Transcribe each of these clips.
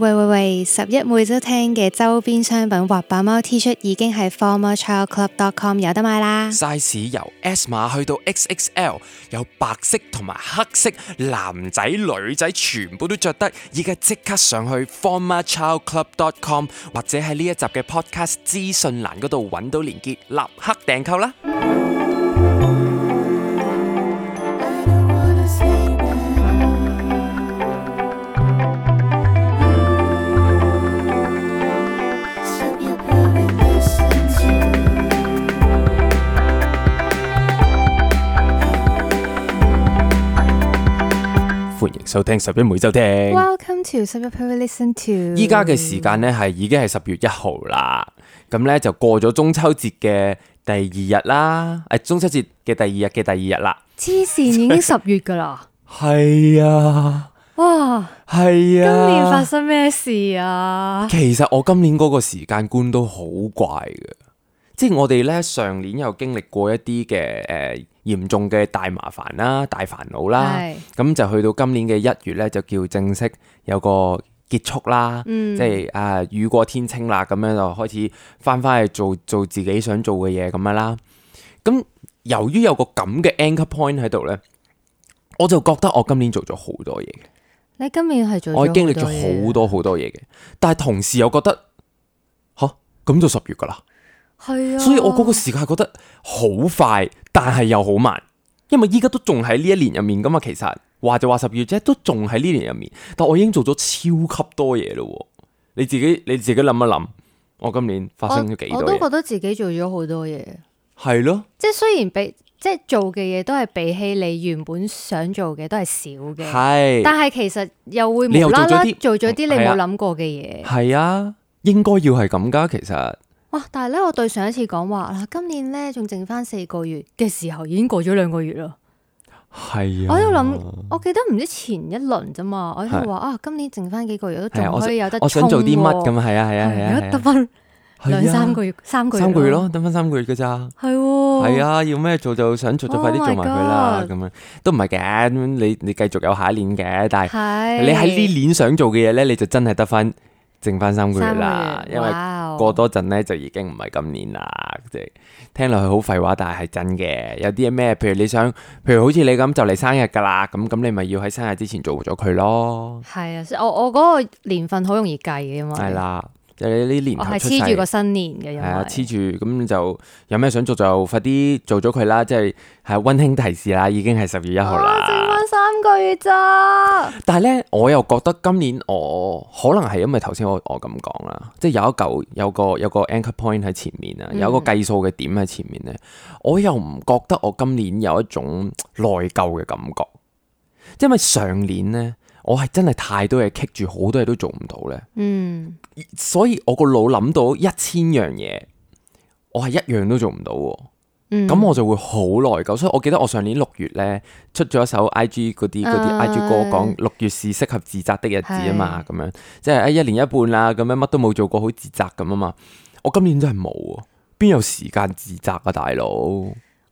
喂喂喂！十一每周聽嘅周邊商品滑板貓 T 恤已經喺 formerchildclub.com 有得買啦。size 由 S 碼去到 XXL，有白色同埋黑色，男仔女仔全部都着得。而家即刻上去 formerchildclub.com 或者喺呢一集嘅 podcast 資訊欄嗰度揾到連結，立刻訂購啦！收聽，拾壹每周聽。Welcome to 拾壹聽。listen to 依家嘅時間呢，係已經係十月一號啦。咁呢，就過咗中秋節嘅第二日啦。誒、哎，中秋節嘅第二日嘅第二日啦。黐線，以已經十月噶啦。係啊。哇。係啊。今年發生咩事啊？其實我今年嗰個時間觀都好怪嘅。即係我哋咧，上年又經歷過一啲嘅，誒嚴重嘅大麻煩啦、大煩惱啦，咁是就去到今年嘅一月咧，就叫正式有個結束啦，嗯、即係啊、呃、雨過天青啦，咁樣就開始翻翻去做做自己想做嘅嘢咁樣啦。咁由於有個咁嘅 anchor point 喺度咧，我就覺得我今年做咗好多嘢。你今年係做我經歷咗好多好多嘢嘅，但係同時又覺得吓咁、啊、就十月噶啦。係啊，所以我嗰個時間係覺得好快，但係又好慢，因為依家都仲喺呢一年入面噶嘛。其實話就話十二月啫，都仲喺呢年入面，但我已經做咗超級多嘢咯。你自己你自己諗一諗，我今年發生咗幾我？多我都覺得自己做咗好多嘢，係咯、啊，即係雖然比即係做嘅嘢都係比起你原本想做嘅都係少嘅，係是，但係其實又會無啦啦做咗啲你冇諗、嗯、過嘅嘢，係啊，應該要係咁噶，其實。哇！但係咧，我對上一次講話啦，今年咧仲剩翻四個月嘅時候，已經過咗兩個月啦。係啊！我喺度諗，我記得唔知前一輪咋嘛，我喺度話啊，今年剩翻幾個月都仲可以有得衝。我想做啲乜咁啊？係啊，係啊，係啊！得翻兩三個月，三個月，三個月咯，得翻三個月噶咋？係係啊，要咩做就想做就快啲做埋佢啦。咁樣都唔係嘅，你你繼續有下一年嘅。但係你喺呢年想做嘅嘢咧，你就真係得翻。剩翻三個月啦，wow. 因為過多陣咧就已經唔係今年啦。即係 Wow. 聽落去好廢話，但係係真嘅。有啲咩？譬如你想，譬如好似你咁就嚟生日噶啦，咁咁你咪要喺生日之前做咗佢咯。係啊，我我嗰個年份好容易計嘅係啦。就係呢年，我係黐住個新年嘅，係黐住咁，就有咩想做就快啲做咗佢啦，即係係溫馨提示啦，已經係十月一號啦，剩翻三個月咋。但係咧，我又覺得今年我可能係因為頭先我我咁講啦，即係有一嚿有個有個 anchor point 喺前面啊，有一個計數嘅點喺前面咧、嗯，我又唔覺得我今年有一種內疚嘅感覺，因為上年咧。我係真係太多嘢棘住，好多嘢都做唔到咧。嗯，所以我個腦諗到一千樣嘢，我係一樣都做唔到，啊。嗯，咁我就會好內疚。所以我記得我上年六月咧出咗一首 I G 嗰啲、嗰啲 I G 歌，講六月是適合自責的日子啊嘛。咁、啊、樣即係一年一半啦，咁樣乜都冇做過，好自責咁啊嘛。我今年真係冇，啊，邊有時間自責啊，大佬？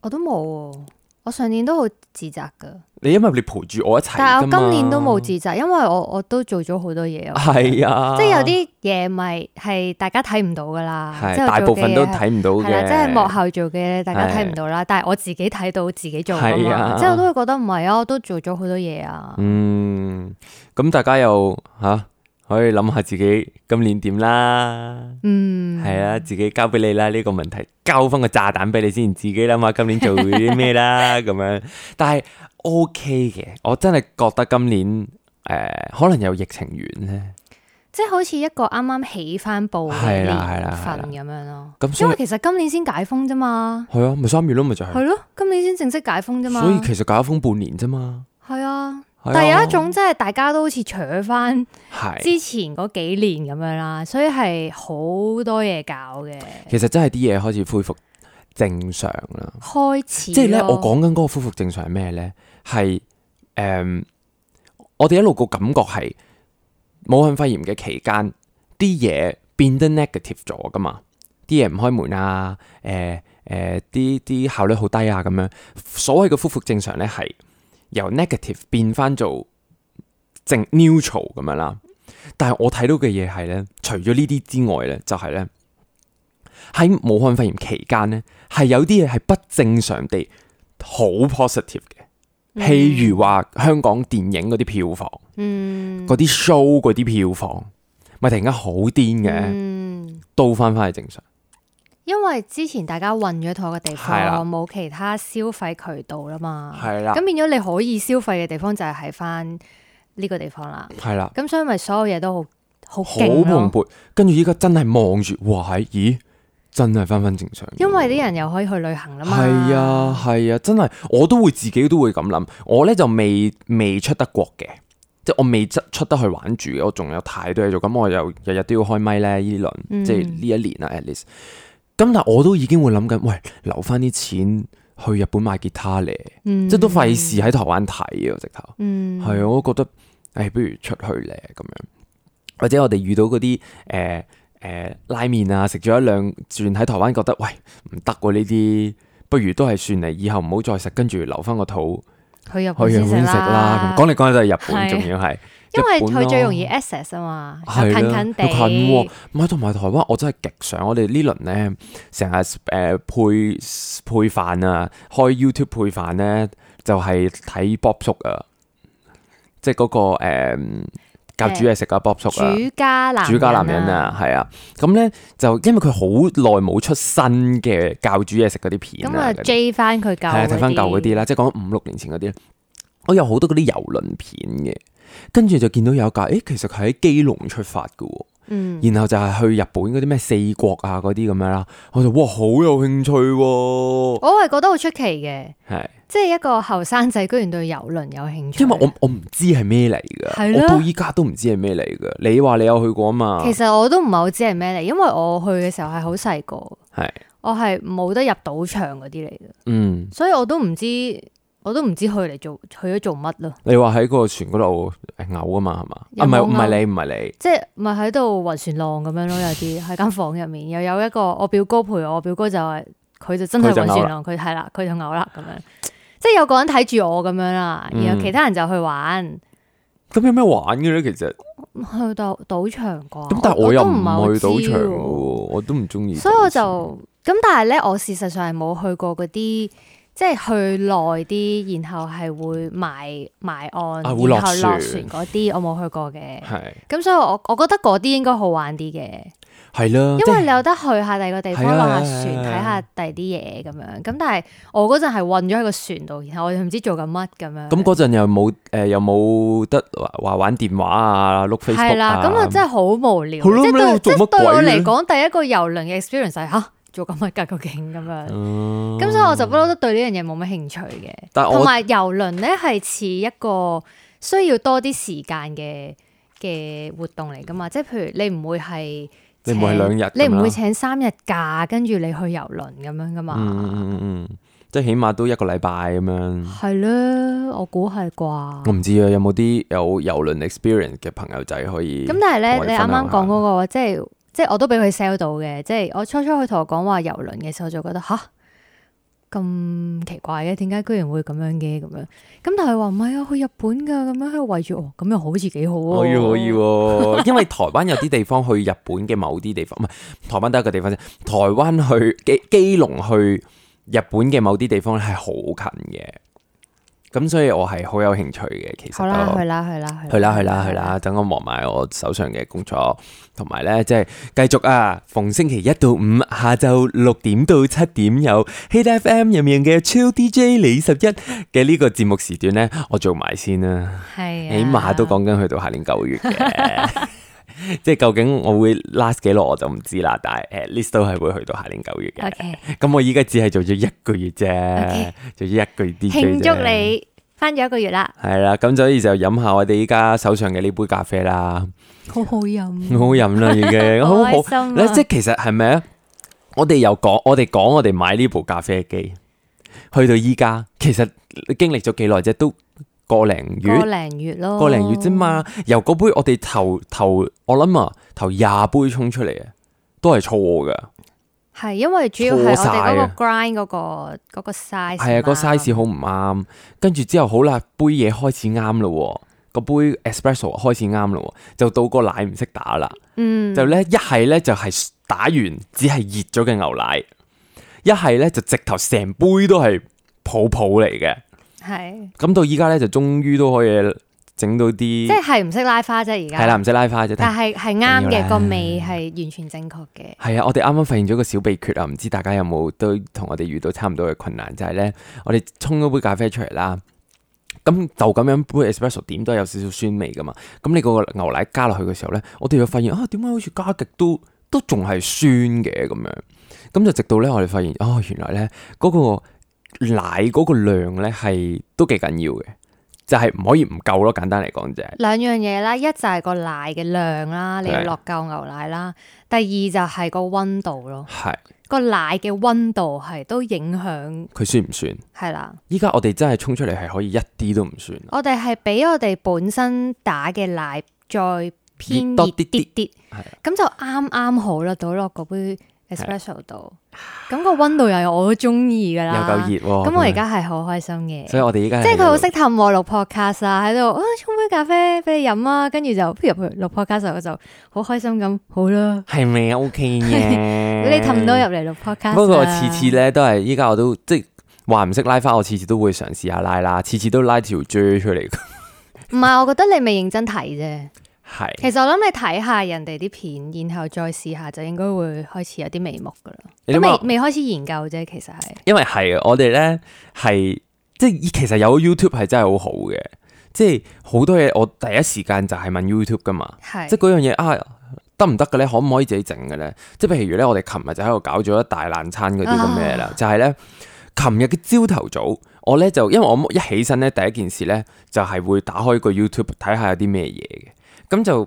我都冇。啊我上年都好自責㗎，你因為你陪住我一齊，但係我今年都冇自責，因為我我都做咗好多嘢。係啊，即係有啲嘢咪係大家睇唔到㗎啦，是即係大部分都睇唔到嘅，即係、啊就是、幕後做嘅大家睇唔到啦。啊、但係我自己睇到自己做咁咯，啊、即係我都會覺得唔係啊，我都做咗好多嘢啊。嗯，咁大家又吓？啊可以諗下自己今年點啦，嗯，係啊，自己交俾你啦呢個問題，交翻個炸彈俾你先，自己諗下今年做啲咩啦咁樣。但係 OK 嘅，我真係覺得今年誒、呃，可能有疫情源咧，即係好似一個啱啱起翻步喺呢份咁、啊啊啊、樣咯。咁因為其實今年先解封啫嘛，係啊，咪、就、三、是、月咯，咪就係，係咯，今年先正式解封啫嘛，所以其實解封半年啫嘛，係啊。但有、哎、一種，真係大家都好似扯翻之前嗰幾年咁樣啦，是所以係好多嘢搞嘅。其實真係啲嘢開始恢復正常啦，開始。即係咧、呃，我講緊嗰個恢復正常係咩呢？係誒，我哋一路個感覺係，武漢肺炎嘅期間啲嘢變得 negative 咗噶嘛，啲嘢唔開門啊，誒、呃、誒，啲、呃、啲效率好低啊，咁樣。所謂嘅恢復正常呢係，由 negative 變翻做正 neutral 咁樣啦，但係我睇到嘅嘢係咧，除咗呢啲之外咧、就是，就係咧喺武漢肺炎期間咧，係有啲嘢係不正常地好 positive 嘅，譬如話香港電影嗰啲票房，嗰啲、mm. show 嗰啲票房，咪突然間好癲嘅，都翻翻去正常。因為之前大家混咗同一個地方，冇、啊、其他消費渠道啦嘛，咁、啊、變咗你可以消費嘅地方就係喺翻呢個地方啦，係啦、啊，咁所以咪所有嘢都好好好蓬勃，跟住依家真係望住，哇咦，真係分分正常，因為啲人又可以去旅行啦嘛，係啊係啊，真係我都會自己都會咁諗，我咧就未未出得國嘅，即係我未出得去玩住嘅，我仲有太多嘢做，咁我又日日都要開咪咧呢輪，即係呢一年啊，at least。嗯咁但我都已經會諗緊，喂留翻啲錢去日本買吉他咧，嗯、即係都費事喺台灣睇啊直頭，係、嗯、我都覺得，誒不如出去咧咁樣，或者我哋遇到嗰啲誒誒拉麵啊，食咗一兩轉喺台灣覺得，喂唔得喎呢啲，不如都係算嚟，以後唔好再食，跟住留翻個肚去日本食啦。講嚟講去都係日本仲要係。因為佢最容易 access 啊嘛，啊，近近地，唔係同埋台灣，我真係極想我哋呢輪咧，成日誒配配飯啊，開 YouTube 配飯咧，就係、是、睇 Bob 叔啊，即係嗰個誒、嗯、教煮嘢食嘅 Bob 叔、啊，主家男主家男人啊，係啊，咁咧、啊啊、就因為佢好耐冇出新嘅教煮嘢食嗰啲片啊，就追翻佢舊係睇翻舊嗰啲啦，啊、即係講五六年前嗰啲，我有好多嗰啲游輪片嘅。跟住就見到有架，誒、欸，其實係喺基隆出發嘅、喔，嗯，然後就係去日本嗰啲咩四國啊嗰啲咁樣啦。我就哇，好有興趣、喔，我係覺得好出奇嘅，係是即係一個後生仔，居然對郵輪有興趣。因為我我唔知係咩嚟㗎，我，的我到依家都唔知係咩嚟㗎。你話你有去過啊嘛？其實我都唔係好知係咩嚟，因為我去嘅時候係好細個，係是我係冇得入賭場嗰啲嚟嘅，嗯，所以我都唔知。我都唔知去嚟做去咗做乜咯。你話喺個船嗰度嘔啊嘛，係嘛？唔係唔係你，唔係你，即係唔係喺度暈船浪咁樣咯？有啲喺間房入面，又有一個我表哥陪我，我表哥就話佢就真係暈船浪，佢睇啦，佢就嘔啦咁樣。即係有個人睇住我咁樣啦，然後其他人就去玩。咁、嗯、有咩玩嘅咧？其實去到賭場啩？咁但係我又唔去賭場嘅，我都唔中意。所以我就咁，但係咧，我事實上係冇去過嗰啲。即係去耐啲，然後係會埋埋岸，然後落船嗰啲我冇去過嘅。係。咁所以我我覺得嗰啲應該好玩啲嘅。係咯。因為你有得去下第二個地方落下船，睇下第二啲嘢咁樣。咁但係我嗰陣係困咗喺個船度，然後我哋唔知做緊乜咁樣。咁嗰陣又冇誒，又冇得話玩電話啊，碌 Facebook 啊，係啦，咁啊真係好無聊。係咯。即係即係對我嚟講，第一個遊輪嘅 experience 係嚇。做咁嘅格局竟咁樣，咁、嗯、所以我就不嬲都對呢樣嘢冇乜興趣嘅。但係同埋遊輪咧，係似一個需要多啲時間嘅嘅活動嚟噶嘛？即係譬如你唔會係你唔會兩日，你唔會請三日假跟住你去遊輪咁樣噶嘛？嗯嗯嗯，即係起碼都一個禮拜咁樣。係咯，我估係啩。我唔知啊，有冇啲有遊輪 experience 嘅朋友仔可以？咁但係咧，你啱啱講嗰個即係。即係我都俾佢 sell 到嘅，即係我初初去同我講話遊輪嘅時候，就覺得吓咁奇怪嘅，點解居然會咁樣嘅咁樣？咁但係話唔係啊，去日本噶，咁樣喺度圍住哦，咁又好似幾好啊！可以可以，因為台灣有啲地方去日本嘅某啲地方，唔係 台灣得一個地方啫。台灣去基基隆去日本嘅某啲地方咧，係好近嘅。咁所以我係好有興趣嘅，其實好去啦去啦去啦去啦去啦去啦，等我忙埋我手上嘅工作，同埋呢，即係繼續啊，逢星期一到五下晝六點到七點有 Hit FM 入面嘅超 DJ 李十一嘅呢個節目時段呢，我做埋先啦，是啊，起碼都講緊去到下年九月嘅。 即係究竟我會 last 幾耐我就唔知啦，但係 at least 都係會去到下年九月嘅。咁 Okay. 我依家只係做咗一個月啫，Okay. 做咗一個月啲。慶祝你返咗一個月啦！係啦，咁所以就飲下我哋依家手上嘅呢杯咖啡啦，好好飲、啊，好好飲啦已經， 心啊、好好啦。好好 即係其實係咪啊？我哋又講，我哋講，我哋買呢部咖啡機，去到依家，其實經歷咗幾耐啫都。個零月，個零月咯，個零月啫嘛。由嗰杯我哋頭頭，我諗啊，頭廿杯沖出嚟啊，都係錯噶。係因為主要係我哋嗰個 grind 嗰、嗰個了個 size。係啊，嗰個 size 好唔啱。跟住之後好啦，杯嘢開始啱啦，個杯 espresso 開始啱啦，就到個奶唔識打啦。嗯。就咧，一係咧就係、係、打完只係熱咗嘅牛奶，一係咧就直頭成杯都係泡泡嚟嘅。係咁到依家咧，就終於都可以整到啲，即係唔識拉花啫。而家係啦，唔識拉花啫。但係係啱嘅，個味係完全正確嘅。係啊，我哋啱啱發現咗個小秘訣啊！唔知大家有冇都同我哋遇到差唔多嘅困難，就係咧，我哋沖一杯咖啡出嚟啦。咁就咁樣杯 espresso 點都有少少酸味噶嘛。咁你嗰個牛奶加落去嘅時候咧，我哋會發現啊，點解好似加極都都仲係酸嘅咁樣？咁就直到咧，我哋發現哦，原來咧嗰個。奶嗰個量呢，係都幾緊要嘅，就係、是、唔可以唔夠咯。簡單嚟講就係兩樣嘢啦，一就係個奶嘅量啦，是的 你要落夠牛奶啦，第二就係個溫度咯，係是的 個奶嘅溫度係都影響佢酸唔酸？係啦。依家我哋真係沖出嚟係可以一啲都唔酸、嗯。我哋係比我哋本身打嘅奶再偏點點多啲啲，係咁是的 就啱啱好啦。倒落嗰杯 Espresso 度，咁個、 啊、溫度又係我都中意噶啦，又夠熱喎。咁、嗯嗯、我而家係好開心嘅，所以我哋而家即係佢好識氹我錄 podcast 啊，喺度啊沖杯咖啡俾你飲啊，跟住就入去錄 podcast，、啊、我就好開心咁，好啦，係咪、okay、 啊？OK 嘅，你氹到入嚟錄 podcast。不過我次次咧都係，依家我都即係話唔識拉花，我次次都會嘗試下拉啦，次次都拉條 J 出嚟。唔 係，我覺得你未認真睇啫。係，是其實我諗你睇下人哋啲片，然後再試下就應該會開始有啲眉目噶啦。你都未未開始研究啫，其實係因為係我哋咧係即係其實有個 YouTube 係真係好好嘅，即係好多嘢我第一時間就係問 YouTube 噶嘛，是即係嗰樣嘢啊得唔得嘅咧？可唔可以自己整嘅咧？即係譬如咧，我哋琴日就喺度搞咗一大爛餐嗰啲咁嘢啦，就係咧琴日嘅朝頭早，我咧就因為我一起身咧第一件事咧就係、是、會打開個 YouTube 睇下有啲咩嘢嘅。咁就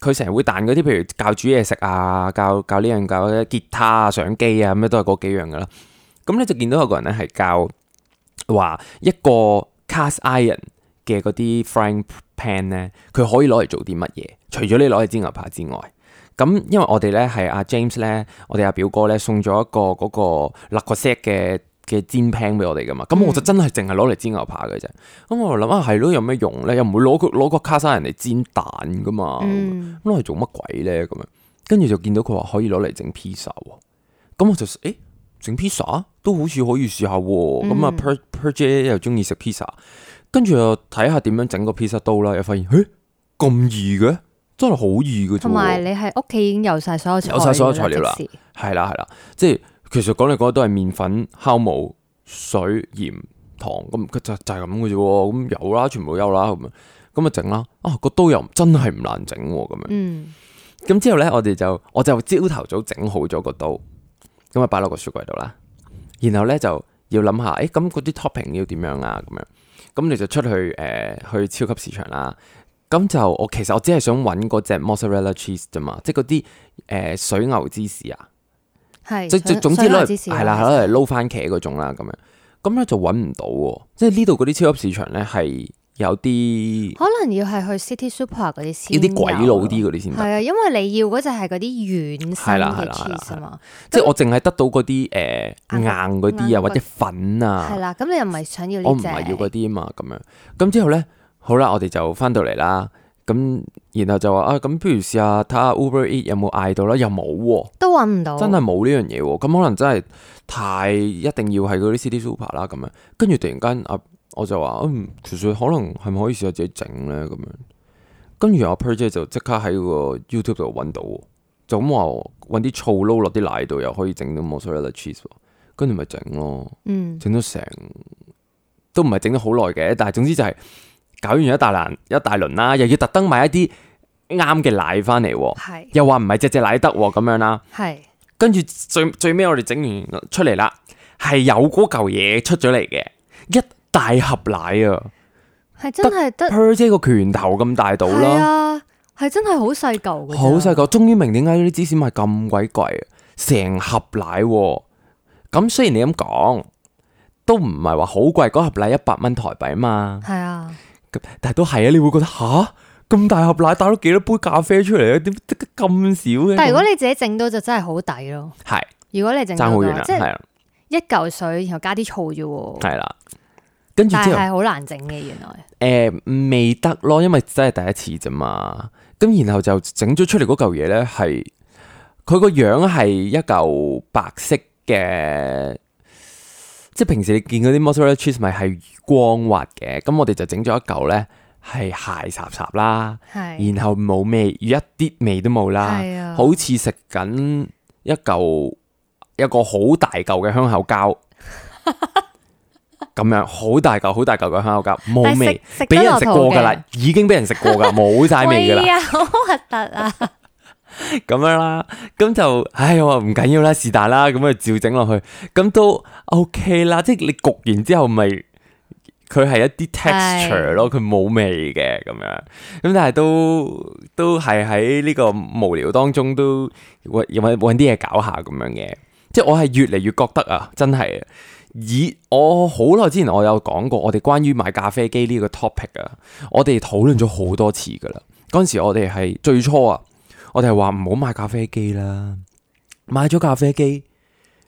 佢成日會彈嗰啲，譬如教煮嘢食啊，教教呢樣教吉他啊、相機啊，咩都係嗰幾樣㗎喇。咁咧就見到有個人咧係教話一個 cast iron 嘅嗰啲 frying pan 咧，佢可以攞嚟做啲乜嘢？除咗你攞嚟煎牛排之外，咁因為我哋咧係阿 James 咧，我哋阿、啊、表哥咧送咗一個嗰、那個 Le Creuset 嘅嘅煎 pan 俾我哋噶嘛，咁我就真係淨係攞嚟煎牛扒嘅啫。咁我就諗啊，係咯，有咩用咧？又唔會攞個攞個卡沙人嚟煎蛋噶嘛？攞嚟、嗯、做乜鬼咧？咁樣，跟住就見到佢話可以攞嚟整 pizza，咁我就誒，整 pizza 都好似可以試下。咁啊、嗯、，per per 姐又中意食 pizza，跟住又睇下點樣整個 pizza 刀啦，又發現誒咁、欸、易嘅，真係好易嘅。同埋你喺屋企已經有晒所有，有晒所有材料啦，係啦係啦，即係。其實講嚟講去都係麵粉、酵母、水、鹽、糖咁，就就係咁嘅啫。咁有啦，全部有啦咁。咁啊整啦，啊個刀又真係唔難整咁、啊、樣。咁、嗯、之後咧，我哋就我就朝頭早整好咗個刀，咁啊擺落個雪櫃度啦。然後咧就要諗下，誒咁嗰啲 topping 要點樣啊？咁樣咁，你就出去誒、呃、去超級市場啦。咁就我其實我只係想搵嗰隻 mozzarella cheese 啫嘛，即係嗰啲誒水牛芝士啊。係即即總之攞係啦，係啦，嚟撈番茄嗰種啦，咁樣咁咧就揾唔到喎，啊。即係呢度嗰啲超級市場咧係有啲可能要係去 City Super 嗰啲，要啲鬼佬啲嗰啲先得。係啊，因為你要嗰隻係嗰啲軟心嘅 cheese 啊嘛。咁即係我淨係得到嗰啲誒硬嗰啲啊，啊或者粉啊。係啦，咁你又唔係想要，呢個我要呢？我唔係要嗰啲啊嘛，咁樣咁之後咧，好啦，我哋就翻到嚟啦。咁然後就話啊，咁不如試下睇下 Uber Eat 有冇嗌到啦，又冇喎、哦，都搵唔到真、哦，真係冇呢樣嘢。咁可能真係太一定要係嗰啲 City Super 啦。咁樣，跟住突然間啊，我就話，嗯，其實可能係咪可以試下自己整呢？咁樣。跟住阿 Per 姐就即刻喺個 YouTube 度搵到，就咁話搵啲醋撈落啲奶度，又可以整到 mozzarella cheese。跟住咪整咯，整咗成、嗯、都唔係整咗好耐嘅，但係總之就係、是。搞完一大輪一大輪啦，又要特登買一啲啱嘅奶翻嚟，啊，是又話唔係只隻奶得咁，啊，樣啦、啊。係是跟住最最尾，我哋整完出嚟啦，係有嗰嚿嘢出咗嚟嘅，一大盒奶啊，係真係有得 per 個拳頭咁大到啦，係、啊，真係好細嚿，好細嚿。終於明點解啲芝士賣咁鬼貴，成盒奶咁，啊。雖然你咁講，都唔係話好貴，嗰盒奶一百蚊台幣啊嘛，係啊。但係都係啊，你會覺得吓，咁大盒奶打咗幾多杯咖啡出嚟？啊？點得咁少嘅？但係如果你自己整到就真係好抵咯。係是，如果你整到啦，即係一嚿水然後加啲醋啫。係啦，跟住之後係好難整嘅，原來誒後、呃、未得咯，因為真係第一次咋嘛。咁然後就整咗出嚟嗰嚿嘢咧，係佢個樣係一嚿白色嘅。即係平時你見嗰啲 mozzarella cheese 咪係光滑嘅，咁我哋就整咗一嚿咧係鞋雜雜啦，係然後冇味，一啲味都冇啦，係啊，好似食緊一嚿一個好大嚿嘅香口膠，咁樣好大嚿好大嚿嘅香口膠冇味，俾人食過噶啦，已經俾人食過噶，冇晒味噶啦，好核突啊！咁樣啦，咁就唉，我話唔緊要啦，是但啦，咁啊照整落去，咁都 OK 啦。即係你焗完之後，咪佢係一啲 texture 咯，佢冇味嘅，咁樣。咁但係都都係喺呢個無聊當中都，都搵搵啲嘢搞下咁樣嘅。即係我係越嚟越覺得啊，真係以我好耐之前，我有講過我哋關於買咖啡機呢個 topic 啊，我哋討論咗好多次噶啦。嗰陣時我哋係最初啊。我哋係話唔好買咖啡機啦，買咗咖啡機，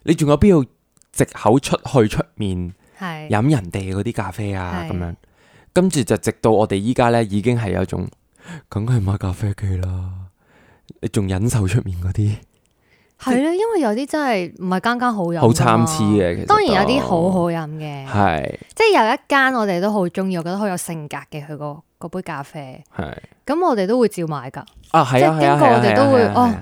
你仲有必要借口出去出面飲人哋嗰啲咖啡啊？咁是樣，跟住就直到我哋依家呢已經係有一種，梗係買咖啡機啦，你仲忍受出面嗰啲？係咧，因為有啲真係唔係間間好飲，好參差嘅。其實當然有啲好好飲嘅，係的即係有一間我哋都好中意，的我覺得好有性格嘅佢個杯咖啡，係咁的我哋都會照買噶。啊，係啊，經過我哋都會哦，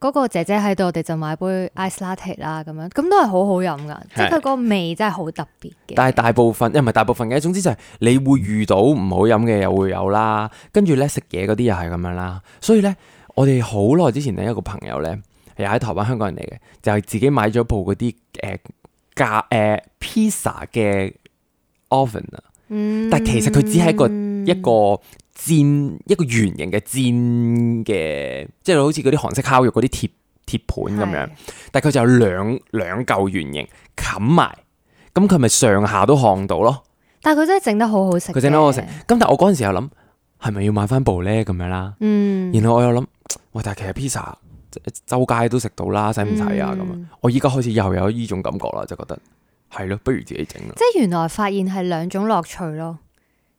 嗰個姐姐喺度，我哋就買杯 ice latte 啦，咁樣咁都係好好飲噶，的即係佢個味真係好特別嘅。但係大部分又唔係大部分嘅，總之就係你會遇到唔好飲嘅又會有啦，跟住咧食嘢嗰啲又係咁樣啦。所以咧，我哋好耐之前另一個朋友咧。又喺台灣香港人嚟嘅，就係、是、自己買咗部嗰啲誒架誒 pizza 嘅 oven 啊，呃呃 ven，嗯、但係其實佢只係一個、嗯、一個煎一個圓形嘅煎嘅，即係好似嗰啲韓式烤肉嗰啲鐵鐵盤咁樣。是但係佢就有兩兩嚿圓形冚埋，咁佢咪上下都烘到咯？但係佢真係整得好好食。佢整得好好食。咁但係我嗰陣時又諗，係咪要買翻部咧咁樣啦？嗯。然後我又諗，喂，但係其實 pizza。周街都食到啦，使唔使啊？咁、嗯、我依家開始又有依種感覺啦，就覺得係咯，不如自己整啦。即係原來發現係兩種樂趣咯，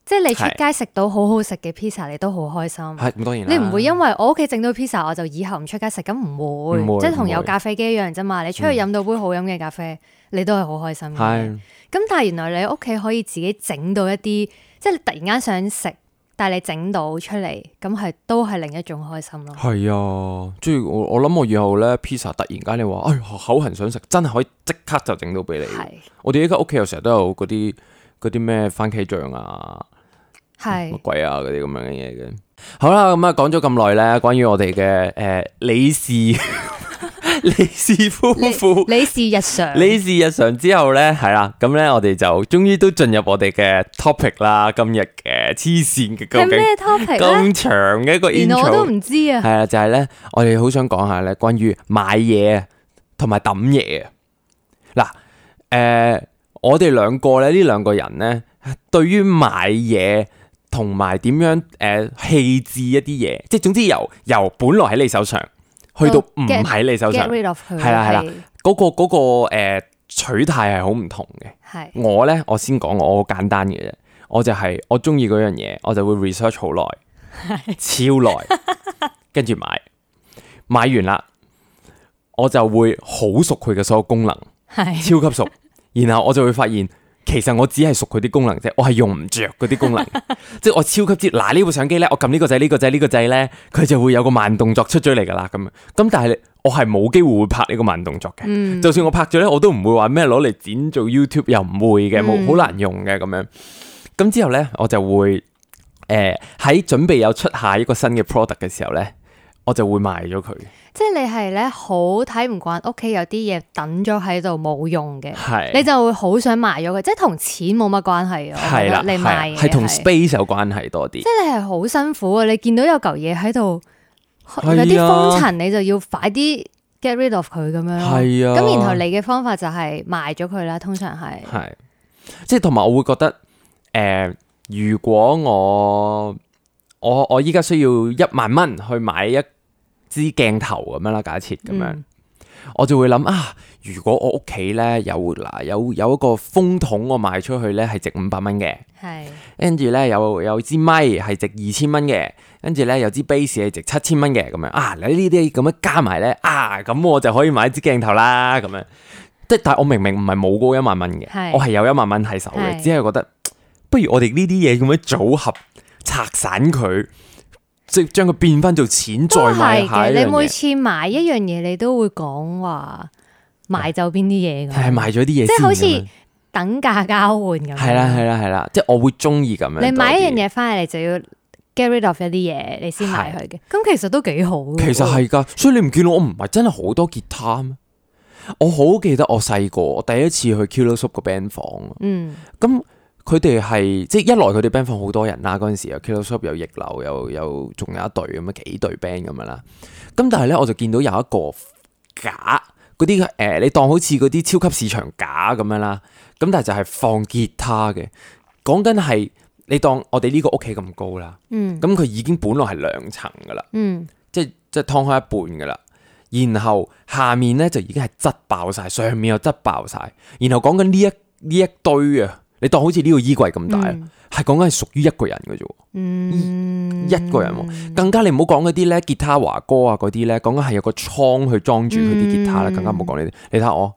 即係你出街食到好好食嘅 pizza，你都好開心。係咁當然啦。你唔會因為我屋企整到 pizza，我就以後唔出街食，咁唔會。即係同有咖啡機一樣啫嘛。會你出去飲到杯好飲嘅咖啡，嗯、你都係好開心嘅。咁是但係原來你屋企可以自己整到一啲，即係你突然間想食。但係你整到出嚟，咁係都係另一種開心咯。係啊，即係我我諗我以後咧，pizza 突然間你話，哎口痕想食，真係可以即刻就整到俾你。是我哋依家屋企又成日都有嗰啲嗰啲咩番茄醬啊，係乜是鬼啊嗰啲咁樣嘅嘢嘅。好啦，咁啊講咗咁耐咧，關於我哋嘅誒你是。呃 李氏夫婦，李氏日常，李氏日常之後咧，係啦，咁咧我哋就終於都進入我哋嘅 topic 啦。今日嘅黐線嘅究竟咩 topic 咁長嘅一個 intro，而我都唔知啊。係啦，就係咧，我哋好想講下咧，關於買嘢同埋抌嘢嗱，誒、呃，我哋兩個咧呢兩個人咧，對於買嘢同埋點樣誒棄置一啲嘢，即係總之由由本來喺你手上。去到唔喺你手上，係啦係啦，嗰個嗰、嗰個誒、呃、取態係好唔同嘅。是的 我呢，我先講我好簡單嘅啫，我就係、係、我中意嗰樣嘢，我就會 research 好耐，超耐，跟住買，買完啦，我就會好熟佢嘅所有功能，是的 超級熟，然後我就會發現。其實我只係熟佢啲功能啫，我係用唔着嗰啲功能，功能 即係我超級知。嗱、啊、呢部相機咧，我撳呢個掣、呢、呢個掣、呢、呢個掣咧，佢就會有個慢動作出咗嚟噶啦。咁咁，但係我係冇機會會拍呢個慢動作嘅。嗯、就算我拍咗咧，我都唔會話咩攞嚟剪做 YouTube 又唔會嘅，冇好、嗯、難用嘅咁樣。咁之後咧，我就會誒喺、呃、準備有出下一個新嘅 product 嘅時候咧。我就會賣咗佢係，即係你係咧好睇唔慣屋企有啲嘢，等咗喺度冇用嘅，係你就會好想賣咗佢，即係同錢冇乜關係啊，係啦，你賣嘅係同 space 有關係多啲，即係你係好辛苦啊！你見到有嚿嘢喺度有啲灰塵，你就要快啲 get rid of 佢咁樣，係是啊，咁然後你嘅方法就係賣咗佢啦。通常係是、啊啊，係即係同埋我會覺得，誒、呃，如果我我我依家需要一萬蚊去買一。支鏡頭咁樣啦，假設咁樣，嗯、我就會諗啊，如果我屋企咧有，嗱有有一個風筒我賣出去咧係值五百蚊嘅，係跟住咧有有支咪係值二千蚊嘅，跟住咧有支 base 係值七千蚊嘅咁樣啊，你呢啲咁樣加埋咧啊，咁我就可以買支鏡頭啦咁樣，即係但我明明唔係冇嗰一萬蚊嘅，是的 我係有一萬蚊喺手嘅，是的 只係覺得的不如我哋呢啲嘢咁樣組合拆散佢。即係將佢變翻做錢，再賣下一樣嘢。你每次買一樣嘢，你都會講話買走邊啲嘢。係買咗啲嘢，即係好似等價交換咁。係啦，係啦，係啦，即係我會中意咁樣。你買一樣嘢翻嚟就要 get rid of 一啲嘢，你先買佢嘅。咁的其實都幾好。其實係噶，欸、所以你唔見到我唔係真係好多吉他咩？我好記得我細個，我第一次去 Kilo Shop 個 band 房。嗯，咁。佢哋係即係一來佢哋 band 房好多人啦。嗰陣時有 Kilo Shop，有逆流，又有仲有，有一隊咁樣幾隊 band 咁樣啦。咁但係咧，我就見到有一個架嗰啲誒，你當好似嗰啲超級市場架咁樣啦。咁但係就係放吉他嘅，講緊係你當我哋呢個屋企咁高啦。咁佢、嗯、已經本來係兩層噶啦，即係即係劏開一半噶啦，然後下面咧就已經係擠爆晒，上面又擠爆晒，然後講緊呢一呢一堆啊。你當好似呢個衣櫃咁大，係講緊係屬於一個人嘅啫。嗯，一個人更加你唔好講嗰啲咧，吉他華哥啊嗰啲咧，講緊係有個倉去裝住佢啲吉他啦。嗯、更加唔好講呢啲，你睇下我，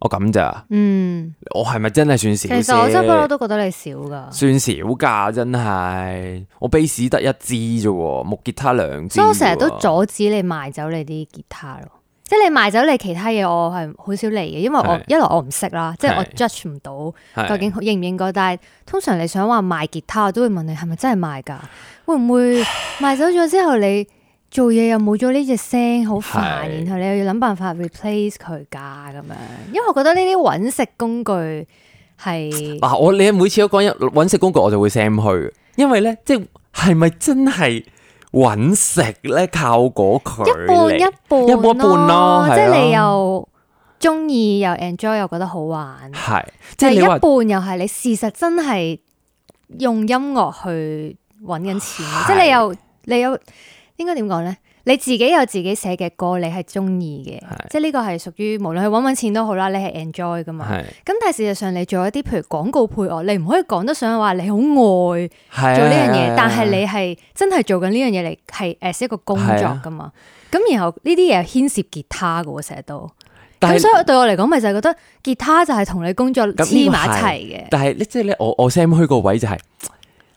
我咁咋？嗯，我係咪真係算少？其實我真不嬲都覺得你少噶，算少噶，真係我貝斯得一支啫，木吉他兩支。所以我成日都阻止你賣走你啲吉他咯。即係你賣走你其他嘢，我係好少嚟嘅，因為我一來我唔識啦，是 即係我 judge 唔到究竟應唔應該。是 但係通常你想話賣吉他，我都會問你係咪真係賣噶？會唔會賣走咗之後，你做嘢又冇咗呢隻聲，好煩，是 然後你又要諗辦法 replace 佢噶咁樣因為我覺得呢啲搵食工具係嗱、啊，我你每次都講一搵食工具，我就會 send 去，因為呢，即係咪真係？搵食咧靠嗰一半一半、喔、一半咯，喔、即係你又中意又 enjoy 又覺得好玩，係，即係一半又係你事實真係用音樂去搵緊錢是，即係你又你有應該點講咧？你自己有自己寫嘅歌你是的，你係中意嘅，即係呢個係屬於無論去搵搵錢都好啦，你係 enjoy 噶嘛。咁是的 但係事實上你做一啲譬如廣告配樂，你唔可以講得上話你好愛做呢樣嘢，是的是的但係你係真係做緊呢樣嘢嚟係誒一個工作噶嘛。咁是的 然後呢啲嘢牽涉吉他噶喎，成日都，咁是所以對我嚟講，咪就係覺得吉他就係同你工作黐埋一齊嘅。但係即係我我心虛嗰位就係、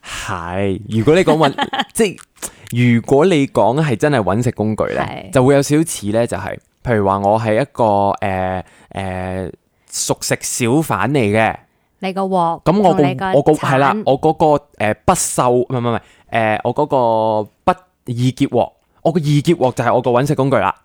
是、係如果你講問即係。 如果你講係真係揾食工具咧，是就會有少少似咧，就係譬如話我係一個誒誒、呃呃、熟食小販嚟嘅，你個鑊，咁我個我個係啦，我嗰個誒不鏽，唔係唔係誒，我嗰、那個呃呃、個不易結鑊，我個易結鑊就係我個揾食工具啦。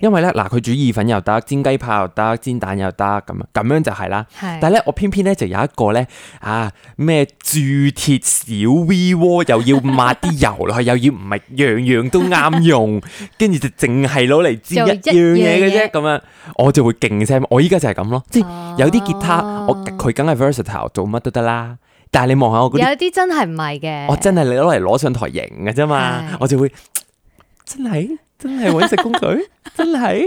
因為咧嗱，佢煮意粉又得，煎雞扒又得，煎蛋又得，咁啊，咁樣就係啦。是 但係咧，我偏偏咧就有一個咧啊，咩鑄鐵小 V 鍋 又要抹啲油落去，又要唔係樣樣都啱用，跟住 就淨係攞嚟煎做一,一樣嘢嘅啫，咁一樣我就會勁聲。我依家就係咁咯，啊、即係有啲吉他我佢梗係 versatile，做乜都得啦。但係你望下我嗰啲有啲真係唔係嘅，我真係你攞嚟攞上台型嘅啫嘛，我就會。真係真係搵食工具， 真係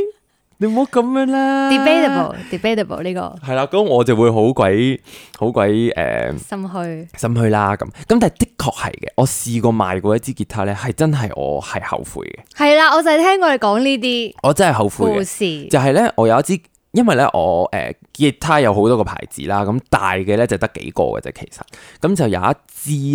你唔好咁樣啦 Debatable, Debatable,Debatable, debatable，呢個係啦，咁我就會好鬼好鬼誒，呃、心虛虛心虛啦。咁咁，但係的確係嘅，我試過賣過一支吉他呢，係真係我係後悔嘅。係啦，我就係聽你講呢啲，我真係後悔嘅故事。就係、是、呢，我有一支，因為呢，我、呃、誒吉他有好多個牌子啦，咁大嘅呢就得幾個嘅啫。其實咁就有一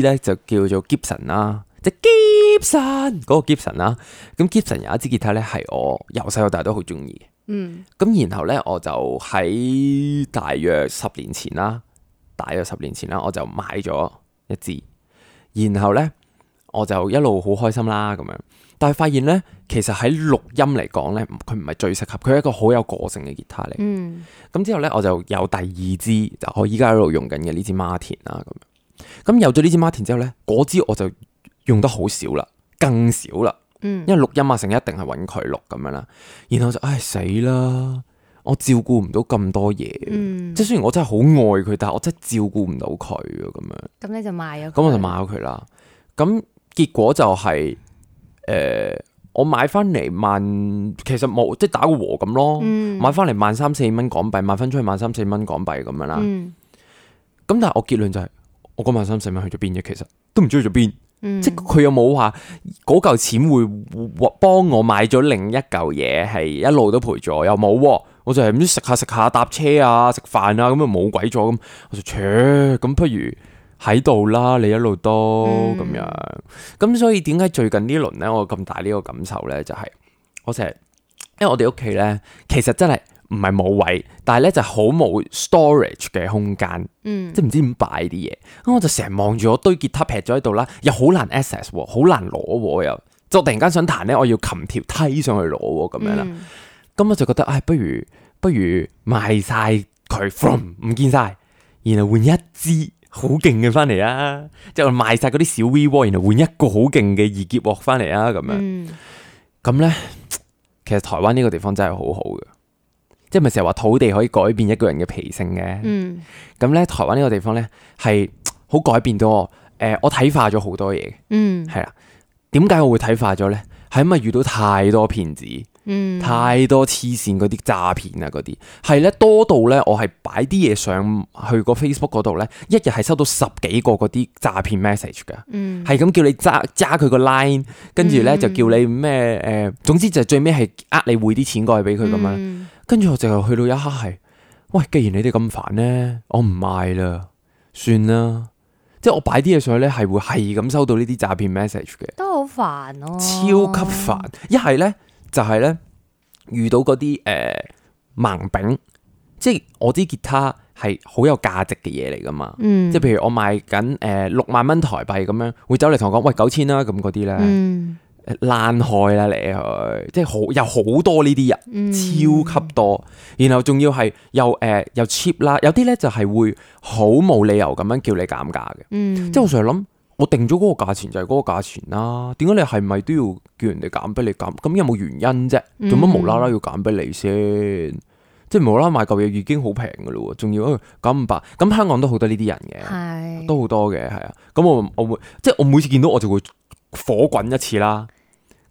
支呢，就叫做 Gibson 啦。Gibson 嗰個 Gibson 啦，咁 Gibson 有一支吉他咧，係我由細到大都好中意。嗯，咁然後咧，我就喺大約十年前啦，大約十年前啦，我就買咗一支，然後咧，我就一路好開心啦，咁樣。但係發現咧，其實喺錄音嚟講咧，佢唔係最適合，佢係一個好有個性嘅吉他嚟。嗯，咁之後咧，我就有第二支就我依家一路用緊嘅呢支 Martin 啦。咁樣，咁有咗呢支 Martin 之後咧，嗰支我就。用得好少啦，更少啦，因為錄音啊，成日一定係搵佢錄咁樣啦。然後就唉、哎、死啦，我照顧唔到咁多嘢，嗯、即係雖然我真係好愛佢，但係我真係照顧唔到佢咁樣。咁、嗯嗯、你就賣咗，咁我就賣咗佢啦。咁、嗯、結果就係、是、誒、呃，我買翻嚟萬其實冇即係打個和咁咯，嗯、買翻嚟萬三四蚊港幣，賣翻出去萬三四蚊港幣咁樣啦。咁、嗯、但係我結論就係、是，我嗰萬三四蚊去咗邊啫？其實都唔知去咗邊。即係佢又冇話嗰嚿錢會幫我買咗另一嚿嘢，係一路都陪咗，又冇，我就係唔知食下食下搭車啊，食飯啊，咁就冇鬼咗咁，我就切，咁不如喺度啦，你一路都咁樣，咁、嗯、所以點解最近呢輪咧，我咁大呢個感受咧，就係、是、我成日，因為我哋屋企咧，其實真係。唔係冇位，但係咧就好、是、冇 storage 嘅空間，嗯、即係唔知點擺啲嘢。咁我就成日望住我堆吉他撇咗喺度啦，又好難 access，好難攞又。就突然間想彈咧，我要擒條梯上去攞咁樣啦。咁、嗯、我就覺得，唉、哎，不如不如賣晒佢 from，唔見晒，然後換一支好勁嘅翻嚟啊！即係賣晒嗰啲小 V 鍋，wall，然後換一個好勁嘅二杰鍋翻嚟啊！咁樣，咁咧、嗯，其實台灣呢個地方真係好好嘅。即係咪成日話土地可以改變一個人嘅脾性嘅？嗯。咁咧，台灣呢個地方咧係好改變到我。誒、呃，我睇化咗好多嘢。嗯，係啦。點解我會睇化咗咧？係因為遇到太多騙子。嗯、太多黐線嗰啲詐騙啊，嗰啲係咧多到咧，我係擺啲嘢上去個 Facebook 嗰度咧，一日係收到十幾個嗰啲詐騙 message 㗎，係咁、嗯、叫你揸揸佢個 line，跟住咧就叫你咩誒、呃，總之就最尾係呃你匯啲錢過去俾佢咁樣，嗯、跟住我就係去到一刻係，喂，既然你哋咁煩咧，我唔賣啦，算啦，即係我擺啲嘢上去咧係會係咁收到呢啲詐騙 message 嘅，都好煩咯。超級煩，一係咧。就係咧遇到嗰啲誒盲餅，即係我啲吉他係好有價值嘅嘢嚟㗎嘛，嗯、即係譬如我賣緊誒、呃、六萬蚊台幣咁樣，會走嚟同我講喂，九千啦咁嗰啲咧，那那呢嗯、爛開啦你去，即係好有好多呢啲人，超級多，嗯、然後仲要係又誒、呃、又 cheap 啦，有啲咧就係會好冇理由咁樣叫你減價嘅，嗯、即係我成日諗。我定咗嗰個價錢就係嗰個價錢啦、啊。點解你係咪都要叫人哋減俾你減？咁有冇原因啫？做乜無啦啦要減俾你先？即係無啦啦買嚿嘢已經好平嘅咯喎，仲要減五百。咁香港都好多呢啲人嘅，都好多嘅，係啊。咁我我會即係我每次見到我就會火滾一次啦。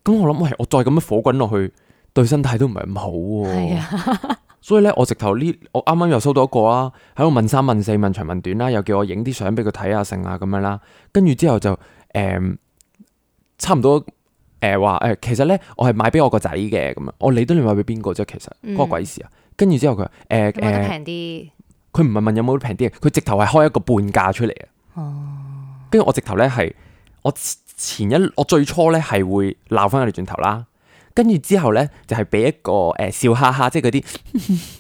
咁我諗，喂，我再咁樣火滾落去，對身體都唔係咁好喎、啊。是啊 所以咧，我直頭呢，我啱啱又收到一個啊，喺度問三問四問長問短啦，又叫我影啲相俾佢睇下，剩啊咁樣啦。跟住之後就誒、呃，差唔多誒話誒，其實咧我係買俾我個仔嘅咁樣。我理得你買俾邊個啫？其實，關鬼事啊！跟住之後佢誒，覺得平啲。佢唔係問有冇平啲，佢直頭係開一個半價出嚟啊。哦。跟住我直頭咧係，我前一我最初咧係會鬧翻佢哋轉頭啦。跟住之後呢，就係、是、俾一個誒、欸、笑哈哈，即係嗰啲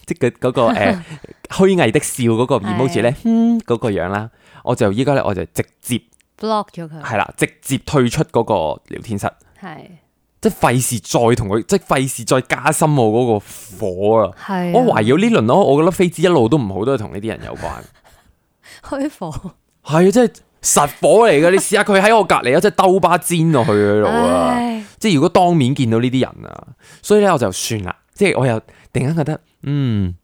即係嗰嗰個誒、欸、 虛偽的笑嗰個 emoji 咧、 啊、嗰、啊、個樣啦。我就依家呢，我就直接 block 咗佢，係啦，直接退出嗰個聊天室，係是、啊、即係費事再同佢，即係費事再加深我嗰個火是啊。我懷疑呢輪咯，我覺得飛子一路都唔好都係同呢啲人有關，虛火係啊，即係。實火嚟噶，你試下佢喺我隔籬有，即係兜巴煎落去嗰度啊！唉唉，即係如果當面見到呢啲人啊，所以咧我就算啦，即係我又突然間覺得，嗯，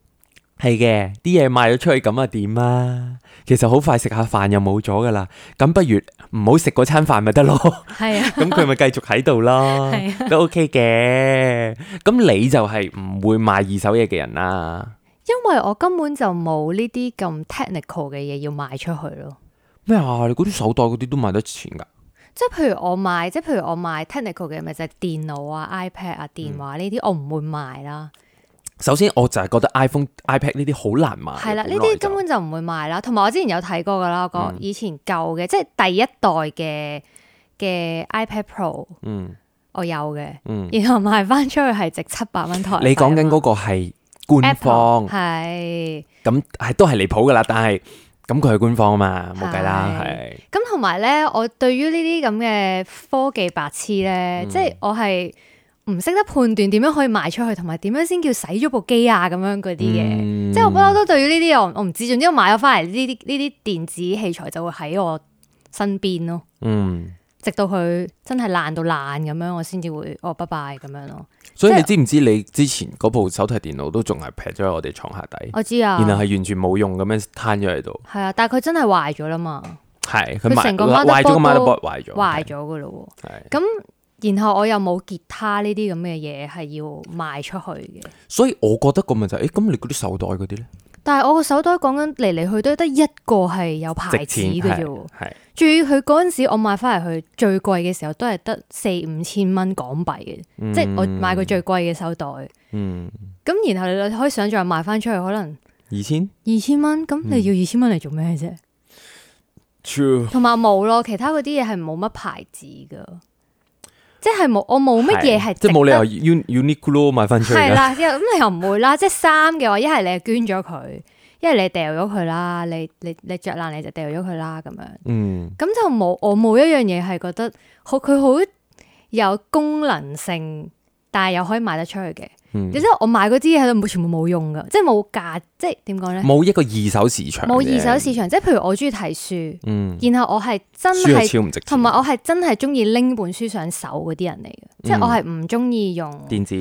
係嘅，啲嘢賣咗出去咁啊點啊？其實好快食下飯又冇咗噶啦，咁不如唔好食嗰餐飯咪得咯，係啊，咁佢咪繼續喺度咯，都 OK 嘅。咁你就係唔會賣二手嘢嘅人啦，因為我根本就冇呢啲咁 technical 嘅嘢要賣出去咯。咩啊？你嗰啲手袋嗰啲都賣得錢噶？即係譬如我賣，即係譬如我賣 Technic 嘅，咪就係電腦啊、iPad 啊、電話呢啲，我唔會賣啦。首先，我就係覺得 iPhone、iPad 呢啲好難賣。係啦，呢啲根本就唔會賣啦。同埋我之前有睇過噶啦，個以前舊嘅，即係第一代嘅嘅 iPad Pro，嗯，我有嘅，嗯，然後賣翻出去係值七百蚊台。你講緊嗰個係官方，係咁係都係離譜噶啦，但係。咁佢係官方啊嘛，冇計啦，係。咁同埋咧，我對於呢啲咁嘅科技白痴咧，嗯、即係我係唔識得判斷點樣可以賣出去，同埋點樣先叫洗咗部機啊咁樣嗰啲嘅。嗯、即係我，我不嬲都對於呢啲我我唔知，總之我買咗翻嚟呢啲呢啲電子器材就會喺我身邊咯。嗯，直到佢真係爛到爛咁樣，我先至會哦，拜拜咁樣咯。所以你知唔知你之前嗰部手提電腦都仲係劈咗喺我哋床下底？我知啊，然後係完全冇用咁樣攤咗喺度。係啊，但係佢真係壞咗啦嘛。係，佢成個 MacBook 壞咗，壞咗噶咯。係，咁是然後我又冇吉他呢啲咁嘅嘢係要賣出去嘅。所以我覺得個問題，誒，咁你嗰啲手袋嗰啲咧？但係我個手袋講緊，嚟嚟去都得一個係有牌子嘅啫，仲要佢嗰陣時我買翻嚟佢最貴嘅時候都係得四五千蚊港幣嘅，嗯、即係我買過最貴嘅手袋。咁、嗯、然後你可以想象賣翻出去可能二千二千蚊，咁 2000? 你要二千蚊嚟做咩啫？同埋冇咯，其他嗰啲嘢係冇乜牌子噶。即係冇，我冇乜嘢係即係冇理由 Uniqlo 買翻出嚟。係啦，咁你又唔會啦。即係衫嘅話，一係你捐咗佢，一係你掉咗佢啦。你你你着爛你就掉咗佢啦。咁樣，嗯，咁就冇，我冇一樣嘢係覺得好，佢好有功能性。但係又可以賣得出去嘅，你知、嗯、我買嗰啲喺度冇全部冇用㗎，即係冇價，即係點講咧？冇一個二手市場。冇二手市場，即係譬如我中意睇書，嗯、然後我係真係同埋我係真係中意拎本書上手嗰啲人嚟嘅，嗯、即係我係唔中意用電子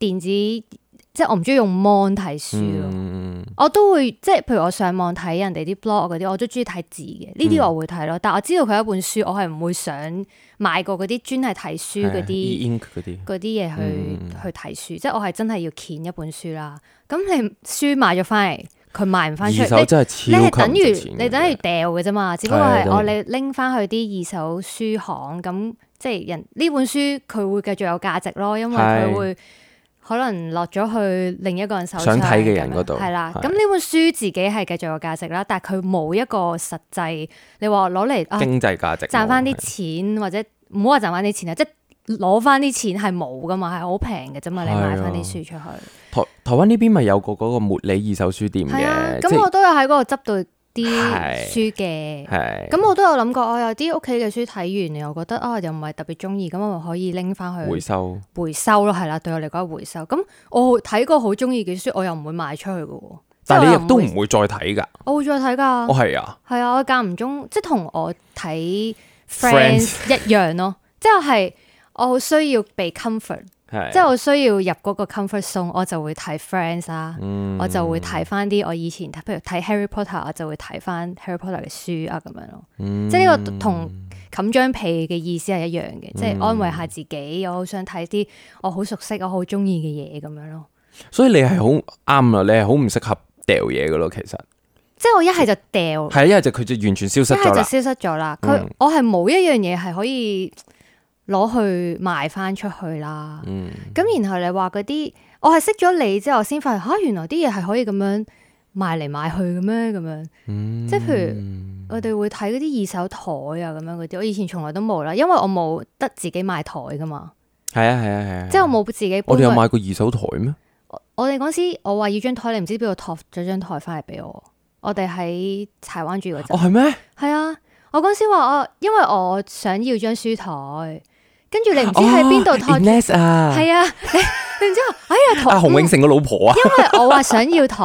電子。即係我唔中意用 mon 睇書，嗯、我都會即係，譬如我上網睇人哋啲 blog 嗰啲，我都中意睇字嘅。呢啲我會睇咯，嗯、但係我知道佢一本書，我係唔會想買過嗰啲專係睇書嗰啲啲嘢去，嗯、去睇書。即係我係真係要鉗一本書啦。咁你書買咗翻嚟，佢賣唔翻出去，二手真係超級唔值錢。你係等於對你等於掉嘅啫嘛，只不過係我你拎翻去啲二手書行，咁即係人呢本書佢會繼續有價值咯，因為佢會。可能落咗去另一個人手上，想睇嘅人嗰度係啦。咁呢本書自己係繼續有價值啦，但係佢冇一個實際，你話攞嚟經濟價值賺翻啲錢，或者唔好話賺翻啲錢啊，即係攞翻啲錢係冇噶嘛，係好平嘅啫嘛，你買翻啲書出去。台台灣呢邊咪有個嗰個茉莉二手書店嘅，咁我都有喺嗰個執到。啲書嘅，咁我都有諗過，我有啲屋企嘅書睇完，你又覺得啊，又唔係特別中意，咁我咪可以拎翻去回收回收咯，係啦，對我嚟講係回收。咁我睇過好中意嘅書，我又唔會賣出去噶，但係你亦都唔會，會再睇噶。我會再睇噶，我係、oh, 啊，係啊，我間唔中即係同我睇 Friends 一樣咯， 即係我好需要被 comfort。是即係我需要入嗰個 comfort zone，我就會睇 Friends 啊、嗯，我就會睇翻啲我以前，譬如睇 Harry Potter，我就會睇翻 Harry Potter 嘅書啊咁樣咯。嗯、即係呢個同冚張被嘅意思係一樣嘅，嗯、即係安慰下自己。我好想睇啲我好熟悉、我好中意嘅嘢咁樣咯。所以你係好啱啊！你係好唔適合掉嘢噶咯，其實。即係我一係就掉，係一係就佢就完全消失咗，就消失咗啦。佢、嗯、我係冇一樣嘢係可以。攞去賣翻出去啦，咁、嗯、然後你話嗰啲，我係識咗你之後，先發現嚇、啊，原來啲嘢係可以咁樣賣嚟賣去嘅咩？咁樣，嗯、即係譬如我哋會睇嗰啲二手台啊，咁樣嗰啲，我以前從來都冇啦，因為我冇得自己賣台噶嘛。係啊係啊係啊！啊啊即係我冇自己。我哋有買過二手台咩？我哋嗰時我話要張台，你唔知邊我托咗張台翻嚟俾我。我哋喺柴灣住嗰陣。係咩、哦？係啊，我嗰時話我因為我想要張書台。跟住你唔知喺邊度台住啊、嗯？係啊，然之後哎呀台！阿洪永城個老婆啊，因為我話想要台，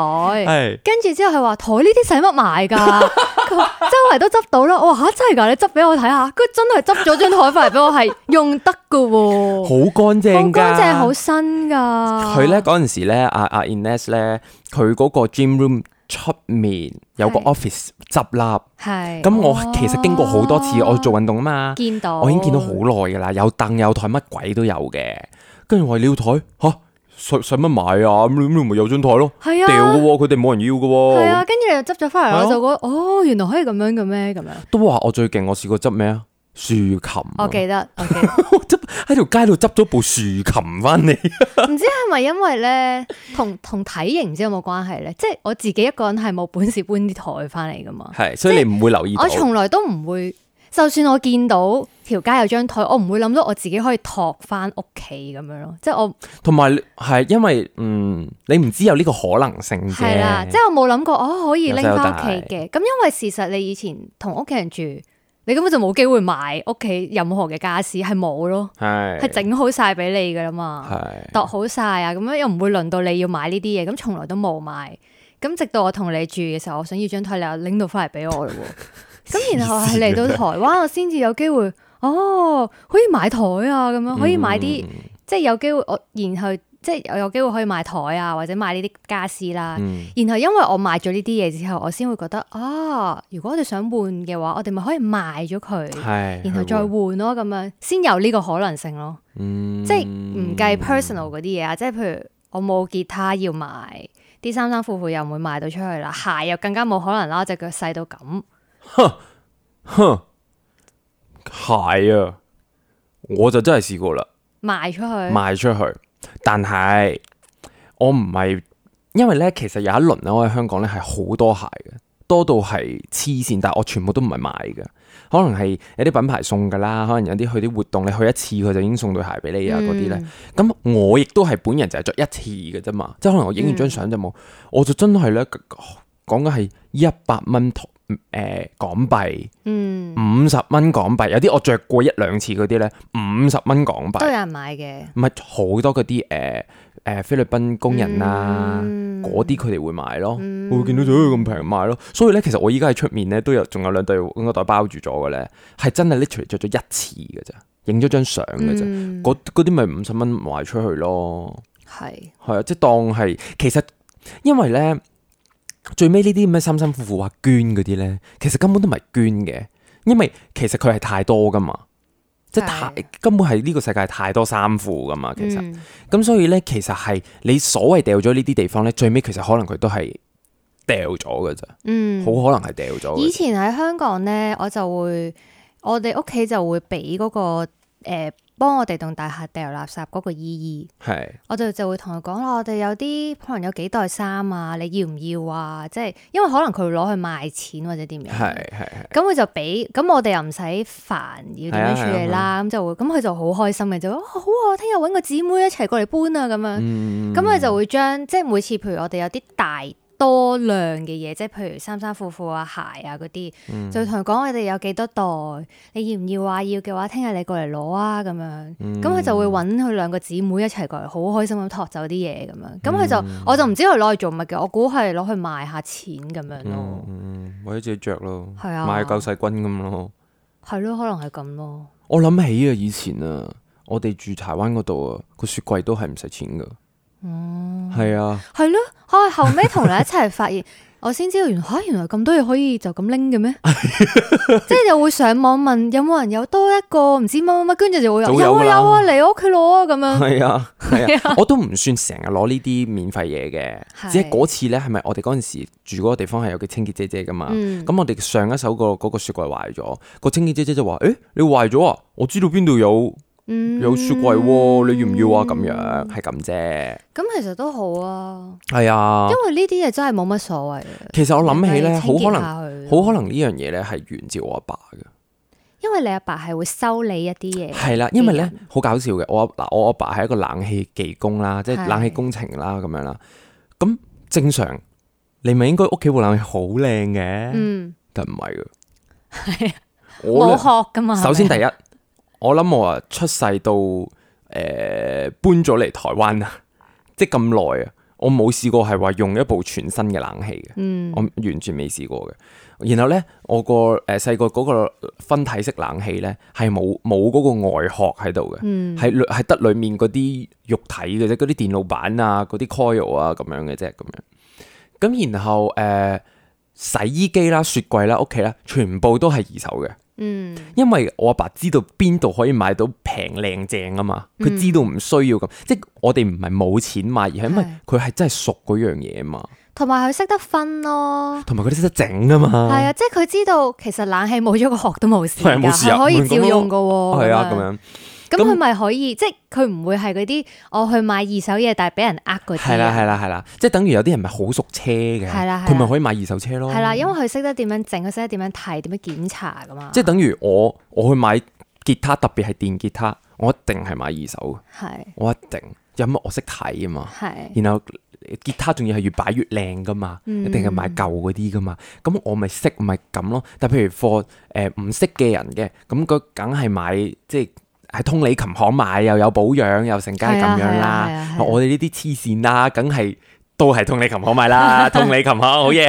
跟住 是的 之後佢話台呢啲使乜買噶？佢話周圍都執到啦。我吓、啊、真係噶，你執俾我睇下。佢真係執咗張台翻嚟俾我，係用得噶，好乾淨，乾淨好新噶。佢咧嗰陣時咧，阿阿 Ines 咧，佢、啊、嗰個 gym room。出面有個 office 執笠，圾係，咁我其實經過好多次，哦、我做運動啊嘛，見到，我已經見到好耐㗎喇，有凳有台乜鬼都有嘅，跟住話你要台吓，使使乜買啊？咁咪咪有張台咯。掉喎、啊，佢哋冇人要嘅喎，啊，跟住你又執咗返嚟，我就覺、啊、哦，原來可以咁樣嘅咩？咁樣都話我最勁，我試過執咩啊？豎琴、啊，我記得，我執喺條街度執咗部豎琴翻嚟，唔知係咪因為咧同同體型唔知有冇關係咧？即係我自己一個人係冇本事搬啲台翻嚟噶嘛？係，所以即你唔會留意。我從來都唔會，就算我見到條街有張台，我唔會諗到我自己可以托翻屋企咁樣咯。即係我同埋係因為，嗯，你唔知有呢個可能性嘅。係喇，即係我冇諗過，我可以拎翻屋企嘅。咁手因為事實，你以前同屋企人住。你根本就冇機會買屋企任何嘅家私，係冇咯。係是，整好晒俾你噶啦嘛。係是，度好晒啊，咁樣又唔會輪到你要買呢啲嘢，咁從來都冇買，咁直到我同你住嘅時候，我想要張台，你又拎到翻嚟俾我咯，咁然後係嚟到台灣， 我先至有機會，哦，可以買台啊，咁樣可以買啲，即係、嗯、有機會我然後。即係我有機會可以買台啊，或者買呢啲家私啦。嗯、然後因為我買咗呢啲嘢之後，我先會覺得啊，如果我哋想換嘅話，我哋咪可以賣咗佢，是然後再換咯咁玩樣，先有呢個可能性咯。嗯、即係唔計 personal 嗰啲嘢啊，嗯、即係譬如我冇吉他要買，啲衫衫褲褲又唔會賣到出去啦，鞋又更加冇可能啦，隻腳細到咁。哼，鞋啊，我就真係試過啦，賣出去，賣出去。但係我唔係，因為咧其實有一輪咧，我喺香港咧係好多鞋嘅，多到係黐線，但我全部都唔係買嘅，可能係有啲品牌送噶啦，可能有啲去啲活動，你去一次佢就已經送對鞋俾你啊嗰啲咧。咁、嗯、我亦都係本人就係着一次嘅啫嘛，即係可能我影完張相就冇，嗯、我就真係咧講緊係一百蚊誒、呃，港幣，嗯，五十蚊港幣，有啲我着過一兩次嗰啲咧，五十蚊港幣都有人買嘅，咪好多嗰啲誒誒菲律賓工人啊，嗰啲佢哋會買咯，嗯、會見到誒咁平賣咯，所以咧其實我依家喺出面咧都有，仲有兩對應該袋包住咗嘅咧，係真係 literally 着咗一次嘅咋，影咗張相嘅啫，嗰啲咪五十蚊賣出去咯，係係啊，即係當係，其實因為咧。最尾呢啲咁嘅辛辛苦苦話捐嗰啲咧，其實根本都唔係捐嘅，因為其實佢係太多噶嘛，是的 即係太根本係呢個世界太多衫褲噶嘛，其實，咁、嗯、所以咧其實係你所謂掉咗呢啲地方咧，最尾其實可能佢都係掉咗噶咋，嗯，好可能係掉咗。嗯、以前喺香港咧，我就會我哋屋企就會俾嗰、嗰個誒。呃幫我哋棟大廈掉垃圾嗰個姨姨，係是我就就會同佢講啦。我哋有啲可能有幾袋衫啊，你要唔要啊？即、就、係、是、因為可能佢會攞去賣錢或者點樣，係係。咁佢就俾，咁我哋又唔使煩要點樣處理啦。咁、啊啊、就會咁佢就好開心嘅，就好啊，聽日搵個姊妹一齊過嚟搬啊咁樣。咁佢、嗯、就會將即係每次，譬如我哋有啲大。多量嘅嘢，即係譬如衫衫褲褲啊、鞋啊嗰啲，嗯、就同佢講：我哋有幾多袋？你要唔要啊？要嘅話，聽日你過嚟攞啊咁樣。咁佢、嗯、就會揾佢兩個姊妹一齊過嚟，好開心咁托走啲嘢咁樣。咁佢就、嗯、我就唔知佢攞嚟做乜嘅，我估係攞去賣下錢咁樣咯，或者、嗯嗯、自己著咯，賣、啊、夠曬軍咁咯。係咯，可能係咁咯。我諗起啊，以前啊，我哋住台灣嗰度啊，個雪櫃都係唔使錢㗎。哦，係啊，係咯，可係後尾同你一齊發現，我先知道原吓原來咁多嘢可以就咁拎嘅咩？即係又會上網問有冇人有多一個唔知乜乜乜，跟住就會有有啊嚟我屋企攞啊咁樣。係啊係啊，我都唔算成日攞呢啲免費嘢嘅，只係嗰次咧係咪我哋嗰陣時住嗰個地方係有個清潔姐姐噶嘛？咁我哋上一手個個雪櫃壞咗，個清潔姐姐就話：誒，你壞咗啊？我知道邊度有。有雪櫃，你要唔要啊？咁樣係咁啫。咁其實都好啊。係啊，因為呢啲嘢真係冇乜所謂。其實我諗起咧，好可能，好可能呢樣嘢咧係源自我阿爸嘅。因為你阿爸係會修理一啲嘢。係啦，因為咧好搞笑嘅，我嗱我阿爸係一個冷氣技工啦，即係冷氣工程啦咁樣啦。咁正常，你咪應該屋企會冷氣好靚嘅。但唔係㗎。係啊，我學噶嘛。首先第一。我諗我話出世到，誒、呃、搬咗嚟台灣啊，即咁耐啊，我冇試過係話用一部全新嘅冷氣嘅，嗯、我完全未試過嘅。然後咧，我個誒細個嗰個分體式冷氣咧係冇冇嗰個外殼喺度嘅，係內係得裏面嗰啲肉體嘅啫，嗰啲電路板啊、嗰啲 coil 啊咁樣嘅啫，咁樣。咁然後誒、呃、洗衣機啦、啊、雪櫃啦、啊、屋企啦，全部都係二手嘅。嗯，因為我阿爸知道邊度可以買到平靚正啊嘛，佢知道唔需要咁，嗯、即係我哋唔係冇錢買，而係因為佢係真係熟嗰樣嘢嘛，同埋佢識得分咯，同埋佢識得整啊嘛，係啊、嗯，即係佢知道其實冷氣冇咗個殼都冇事冇事，可以照用噶，係啊，咁樣。咁佢咪可以，嗯、即係佢唔會係嗰啲我去買二手嘢，但係俾人呃嗰啲。係啦，係啦，係啦，即係等於有啲人咪好熟車嘅。係啦，佢咪可以買二手車咯。係啦，因為佢識得點樣整，佢識得點樣睇，點樣檢查噶嘛。即係等於我我去買吉他，特別係電吉他，我一定係買二手嘅。係的，我一定有乜我識睇啊嘛。係的，然後吉他仲要係越擺越靚噶嘛，嗯、一定係買舊嗰啲噶嘛。咁我咪識咪咁咯。但譬如貨誒唔識嘅人嘅，咁佢梗係買即係。即喺通利琴行買又有保養又成，梗係咁樣啦。 我哋呢啲黐線啦，梗係都係通利琴行買啦。通利琴行好嘢，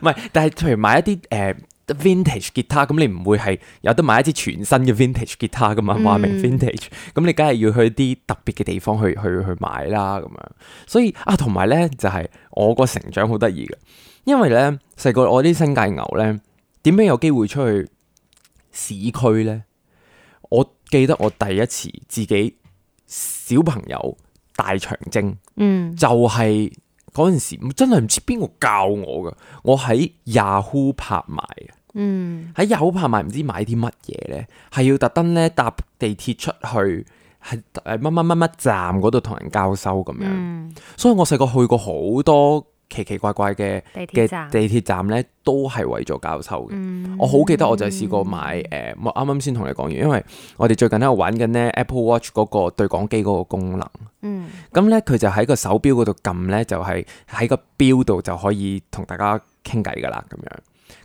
唔 係。 但係，譬如買一啲誒 vintage 吉他，咁、呃、你唔會係有得買一支全新嘅 vintage 吉他噶嘛？話明 vintage，咁你梗係要去啲特別嘅地方去去去買啦。咁樣，所以啊，同埋咧，就係、是、我個成長好得意嘅，因為咧，細個我啲新界牛咧，點樣有機會出去市區咧？記得我第一次自己小朋友大長征，嗯、就係嗰陣時真係唔知邊個教我㗎，我喺 Yahoo 拍賣，嘅、嗯，喺 Yahoo 拍賣唔知買啲乜嘢咧，係要特登咧搭地鐵出去，係誒乜乜乜乜站嗰度同人交收咁樣，嗯、所以我細個去過好多。奇奇怪怪嘅嘅地鐵站咧，站都係為咗交收嘅。嗯，我好記得，我就試過買誒，我啱啱先同你講完，因為我哋最近喺度玩緊咧 Apple Watch 嗰個對講機嗰個功能。嗯，咁咧佢就喺個手錶嗰度撳咧，就係喺個錶度就可以同大家傾偈㗎喇，咁樣。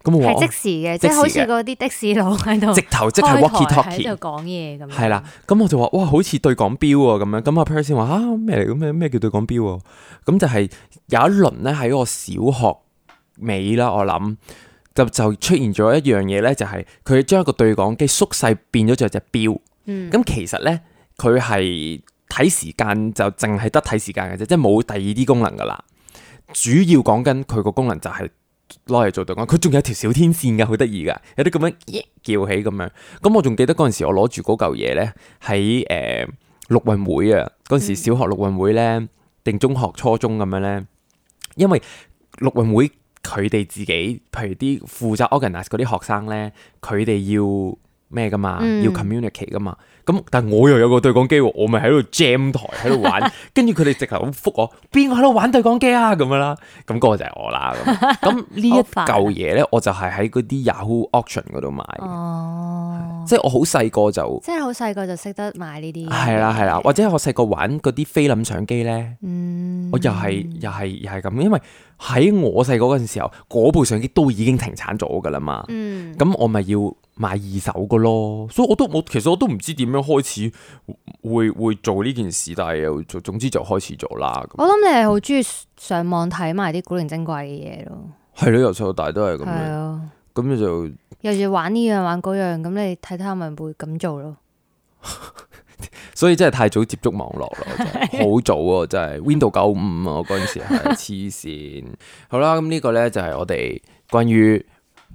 咁即時嘅，即係好似嗰啲的士佬喺度直頭即係 walkie talkie 喺度講嘢咁。係啦，咁我就話哇，好似對講錶啊咁樣。咁阿 Percy 話咩嚟？咁咩咩叫對講錶啊？咁就係有一輪咧喺我小學尾啦，我諗就就出現咗一樣嘢咧，就係佢將一個對講機縮細變咗做隻錶。咁其實咧佢係睇時間就淨係得睇時間嘅啫，即係冇第二啲功能噶啦。主要講緊佢個功能就係。攞嚟做對講，佢仲有條小天線噶，好得意噶，有啲咁樣叫起咁樣。咁我仲記得嗰陣時我，我攞住嗰嚿嘢咧，喺誒，陸運會啊，嗰陣時小學陸運會咧，定中學初中咁樣咧，因為陸運會佢哋自己，譬如啲負責 organize 嗰啲學生咧，佢哋要。咩噶嘛，嗯、要 communicate 噶嘛，咁但係我又有個對講機，我咪喺度 jam 台喺度玩，跟住佢哋直頭覆我，邊個喺度玩對講機啊咁樣啦，咁嗰個就係我啦。咁呢一舊嘢咧，我就係喺嗰啲 Yahoo Auction 嗰度買，即係 我好細個，啊那個就，即係好細個就識得買呢啲，係啦係啦，或者我細個玩嗰啲菲林相機咧，嗯、我又係又係又係咁，因為喺我細個嗰陣時候，嗰部相機都已經停產咗噶啦嘛，咁、嗯、我咪要。買二手噶咯，所以我都我其實我都唔知點樣開始會會做呢件事，但係又總之就開始做啦。我諗你係好中意上網睇埋啲古靈精怪嘅嘢咯，係咯、嗯，由細到大都係咁樣。咁的、那個、你就又要玩呢樣玩嗰樣，咁你睇睇，係咪會咁做咯。 所以真係太早接觸網絡啦，好 早啊，真係。Windows 九五啊，我嗰陣時係黐線。哎、 好啦，咁呢個呢，就係我哋關於。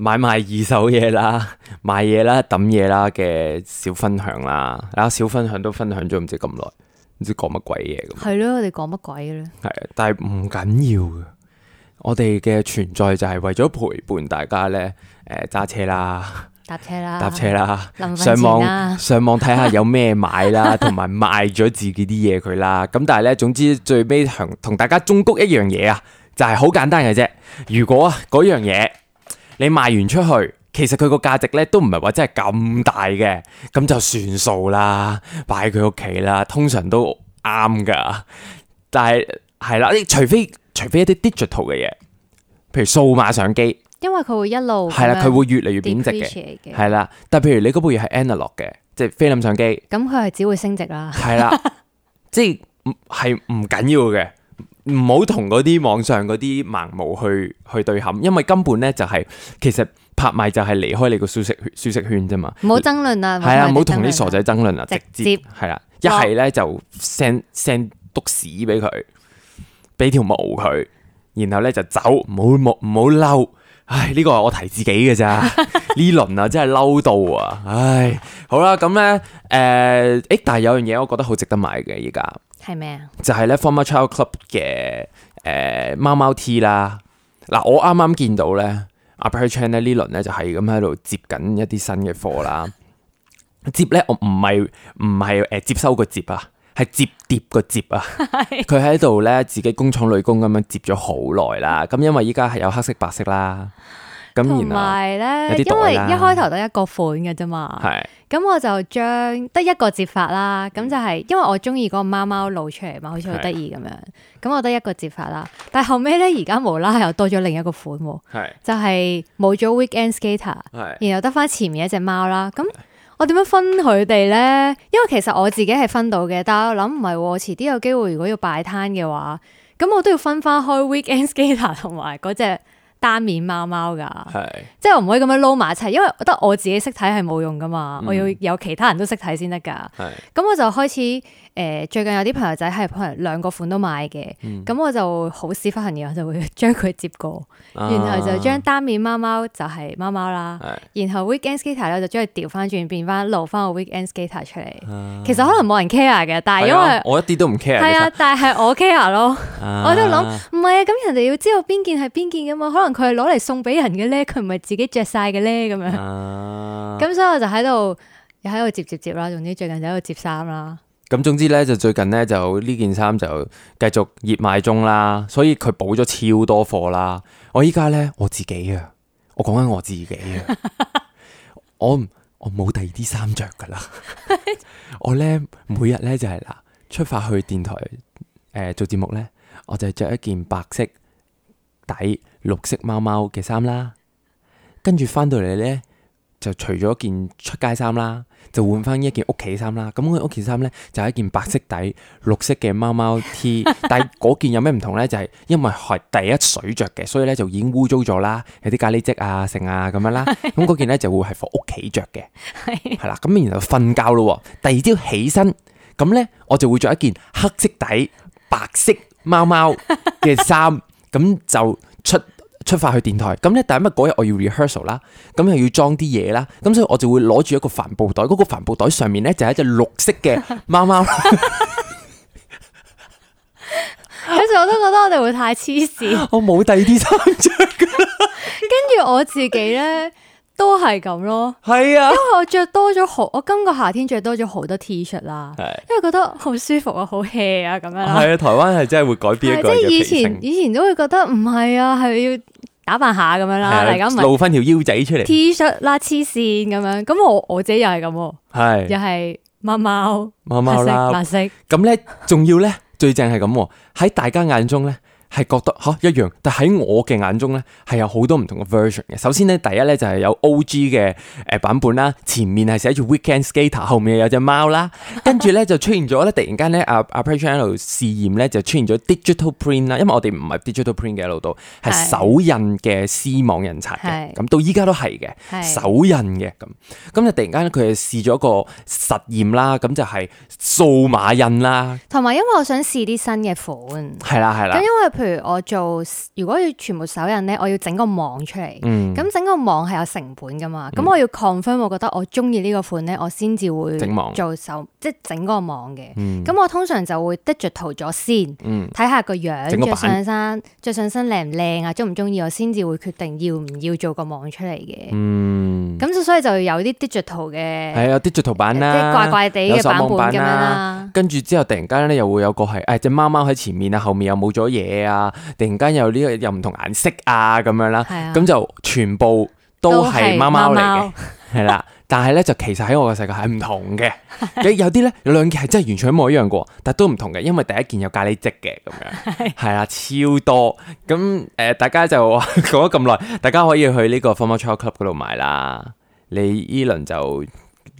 買賣二手嘢啦，買嘢啦，抌嘢啦嘅小分享啦，啊小分享都分享咗唔知咁耐，唔知講乜鬼嘢咁。係咯，我哋講乜鬼咧？係啊，但係唔緊要嘅，我哋嘅存在就係為咗陪伴大家咧。誒、呃，揸車啦，搭車啦，搭車啦，車啦，啦上網上網睇下有咩買啦，同埋 賣咗自己啲嘢佢啦。咁但係咧，總之最尾同同大家忠告一樣嘢啊，就係、是、好簡單嘅啫。如果嗰樣嘢。你賣完出去，其實佢個價值咧都唔係話真係咁大嘅。咁就算數啦，擺喺佢屋企啦，通常都啱噶。但係係啦，啲除非除非一啲 digital 嘅嘢，譬如數碼相機，因為佢會一路係啦，佢會越嚟越貶值嘅，係啦 reci。但譬如你嗰部嘢係 analog 嘅，即係菲林相機，咁佢係只會升值啦的，係啦 即係唔係唔緊要嘅。唔好同嗰啲網上嗰啲盲毛去去對撼，因為根本咧就係、是、其實拍賣就係離開你個舒適舒適圈啫嘛。唔好爭論啊，係接啊，唔好同啲傻仔爭論啊，直接係啦，一係咧就 send send 督屎俾佢，俾條毛佢，然後咧就走，唔好冇唔好嬲。唉，呢、這個係我提自己嘅咋？呢輪 啊真係嬲到啊！唉，好啦、啊，咁咧誒，誒、呃，但係有樣嘢我覺得好值得買嘅，而家。係咩啊？就係咧，Former Child Club 嘅誒貓貓 T 啦。嗱， 我啱啱見到咧 Per Chan 咧呢輪咧就係咁喺度接緊一啲新嘅貨啦。接咧，我唔係唔係誒接收個接啊，係接疊個接啊。佢喺度咧自己工廠女工咁樣接咗好耐啦。咁因為依家係有黑色、白色啦。同埋咧，啊、因為一開頭得一個款嘅啫嘛，咁是我就將得一個接法啦。咁就係、是、因為我中意嗰個貓貓露出嚟嘛，好似好得意咁樣。咁是我得一個接法啦。但後尾咧，而家無啦啦又多咗另一個款，是就係冇咗 Weekend Skater，是然後得翻前面一隻貓啦。咁我點樣分佢哋咧？因為其實我自己係分到嘅，但係我諗唔係喎，遲啲有機會，如果要擺攤嘅話，咁我都要分翻開 Weekend Skater 同埋嗰隻。單面貓貓㗎，是即係我唔可以咁樣撈埋一齊，因為我覺得我自己識睇係冇用噶嘛，嗯、我要有其他人都識睇先得㗎。咁是我就開始。誒、最近有啲朋友仔係可能兩個款都買嘅，咁、嗯、我就好屎忽行嘅，我就會將佢接過，啊、然後就將單面貓貓就係貓貓啦，是的 然後 Weekend Skater 咧就將佢調翻轉變翻露翻個 Weekend Skater 出嚟。啊、其實可能冇人 care 嘅，但係因為我一啲都唔 care，係啊，但係我 care 咯，啊、 我都諗唔係啊，咁人哋要知道邊件係邊件嘅嘛，可能佢攞嚟送俾人嘅咧，佢唔係自己着晒嘅咧咁樣，咁、啊、 所以我就喺度又喺度接接接啦，總之最近就喺度接衫啦。咁總之咧，就最近咧，就呢件衫就繼續熱賣中啦，所以佢補咗超多貨啦。我依家咧，我自己啊，我講緊我自己啊， 我 我冇第二啲衫着噶啦。我咧每日咧就係、是、嗱，出發去電台誒、呃、做節目咧，我就係着一件白色底綠色貓貓嘅衫啦。跟住返到嚟咧，就除咗件出街衫啦。就換翻一件屋企衫啦，咁我屋企衫咧就係一件白色底綠色嘅貓貓 T，但係嗰件有咩唔同咧？就係、是、因為係第一水着嘅，所以咧就已經污糟咗啦，有啲咖喱漬啊剩啊咁樣啦，咁嗰件咧就會係放屋企着嘅，係啦， 咁然後瞓覺咯，第二朝起身，咁咧我就會着一件黑色底白色貓貓嘅衫，咁就出。出發去電台，咁咧但係乜嗰日我要 rehearsal 啦，咁又要裝啲嘢啦，咁所以我就會攞住一個帆布袋，嗰個帆布袋上面咧就係隻綠色嘅貓貓。其實我都覺得我哋會太黐線， 我冇第二啲衫着㗎。跟住我自己咧。都係咁咯，係啊，因為我着多咗好，我今個夏天着多咗好多 T 恤啦，因為覺得好舒服啊，好 hea 啊咁樣。係啊，台灣係真係會改變一即係以前以前都會覺得唔係啊，係要打扮下咁樣啦，係咪，露翻條腰仔出嚟，T 恤啦、黐線咁樣，咁我我自己又係咁，係又係貓貓貓貓啦，白色。咁咧，仲要咧，最正係咁喺大家眼中咧。係覺得嚇一樣，但喺我嘅眼中咧係有好多唔同嘅 version 嘅。首先咧，第一咧就係、是、有 O.G. 嘅誒版本啦，前面係寫住 Weekend Skater，後面有隻貓啦。跟住咧就出現咗咧，突然間咧阿阿 Petrangelo 喺度試驗咧就出現咗 digital print 啦。因為我哋唔係 digital print 嘅路到係手印嘅絲網印刷嘅。咁是到依家都係嘅，是手印嘅咁。咁就突然間咧佢試咗個實驗啦，咁就係數碼印啦。同埋因為我想試啲新嘅款，係啦係啦。因為 譬如我做，如果要全部手印咧，我要整個網出嚟，咁整個網係有成本噶嘛，咁我要 confirm，我覺得我中意呢個款咧，我先至會整網做手，即係整個網嘅。咁我通常就會 digital 咗先，睇下個樣，着上身，着上身靚唔靚啊，中唔中意，我先至會決定要唔要做個網出嚟嘅。咁所以就有啲 digital 嘅，係啊，digital 版啦，即係怪怪地嘅版本咁樣啦。跟住之後突然間咧，又會有個係，誒隻貓貓喺前面啊，後面又冇咗嘢啊！突然間有呢、這個又唔同顏色啊，咁樣啦，咁、啊、就全部都係貓貓嚟嘅，係啦貓貓。 但係咧就其實喺我嘅世界係唔同嘅， 有啲咧有兩件係真係完全一模一樣嘅，但都唔同嘅，因為第一件有咖喱漬嘅咁樣，係啦、 啊，超多。咁誒、呃，大家就講咗咁耐，大家可以去呢個 Former Child Club 嗰度買啦。你依輪就。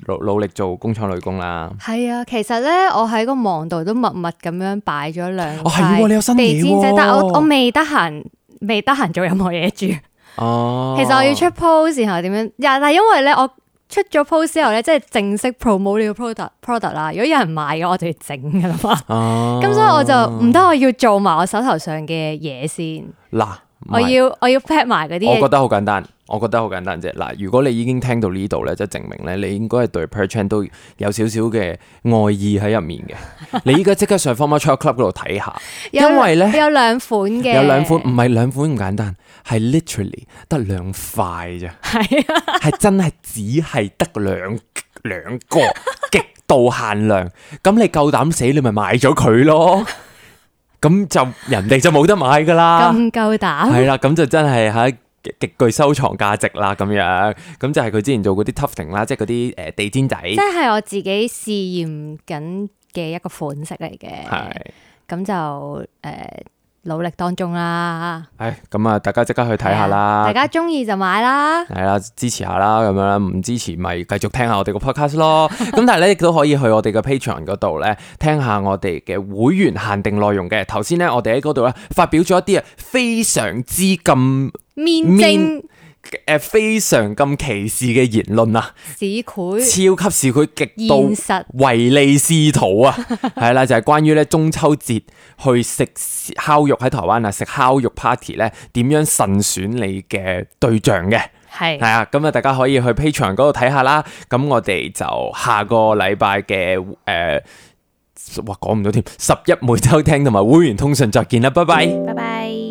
努努力做工廠女工啦。係啊，其實咧，我喺個網度都默默咁樣擺咗兩。哦係喎、啊，你有新嘢。地氈啫，但係我我未得閒，未得閒做任何嘢住。哦。其實我要出 post 然後點樣？但係因為咧，我出咗 post 之後咧，即係正式 promote 呢個 product product 啦。如果有人買嘅，我就要整噶啦嘛。 哦。咁所以我就唔得，我要做埋我手頭上嘅嘢先。嗱。我要我要 pack 埋嗰啲，我覺得好簡單，我覺得好簡單啫。嗱，如果你已經聽到呢度咧，就係證明咧，你應該係對 Perchan 都有少少嘅愛意喺入面嘅。 你依家即刻上 Former Child Club 度睇下，因為咧，有兩款嘅，有兩款唔係兩款咁簡單，係 literally 得兩塊啫，係係 真係只係得兩兩個極度限量。咁你夠膽死，你咪買咗佢咯。咁 就人哋就冇得買噶啦膽膽，咁夠膽係啦，咁就真係喺極具收藏價值啦，咁樣，咁就係佢之前做嗰啲 tufting 啦，即係嗰啲誒地氈仔，即係我自己試驗緊嘅一個款式嚟嘅，係是，咁就誒。呃努力當中啦嚇！咁啊、哎，大家即刻去睇下啦！大家中意就買啦，係啦、哎，支持下啦咁樣啦，唔支持咪繼續聽下我哋個 podcast 咯。咁 但係咧，亦都可以去我哋嘅 Patreon 嗰度咧，聽下我哋嘅會員限定內容嘅。頭先咧，我哋喺嗰度咧發表咗一啲啊，非常之咁面正面。誒，非常咁歧視嘅言論啊！市儈，超級市儈，極度現實 唯利是圖啊！係啦、 啊，就係、是、關於咧中秋節去食烤肉喺台灣啊，食烤肉 party 咧，點樣慎選你嘅對象嘅？係係是啊，咁啊，大家可以去 Patreon 嗰度睇下啦。咁我哋就下個禮拜嘅誒，哇、呃，講唔到添，十一每周聽同埋會員通訊，再見啦，拜拜，拜拜。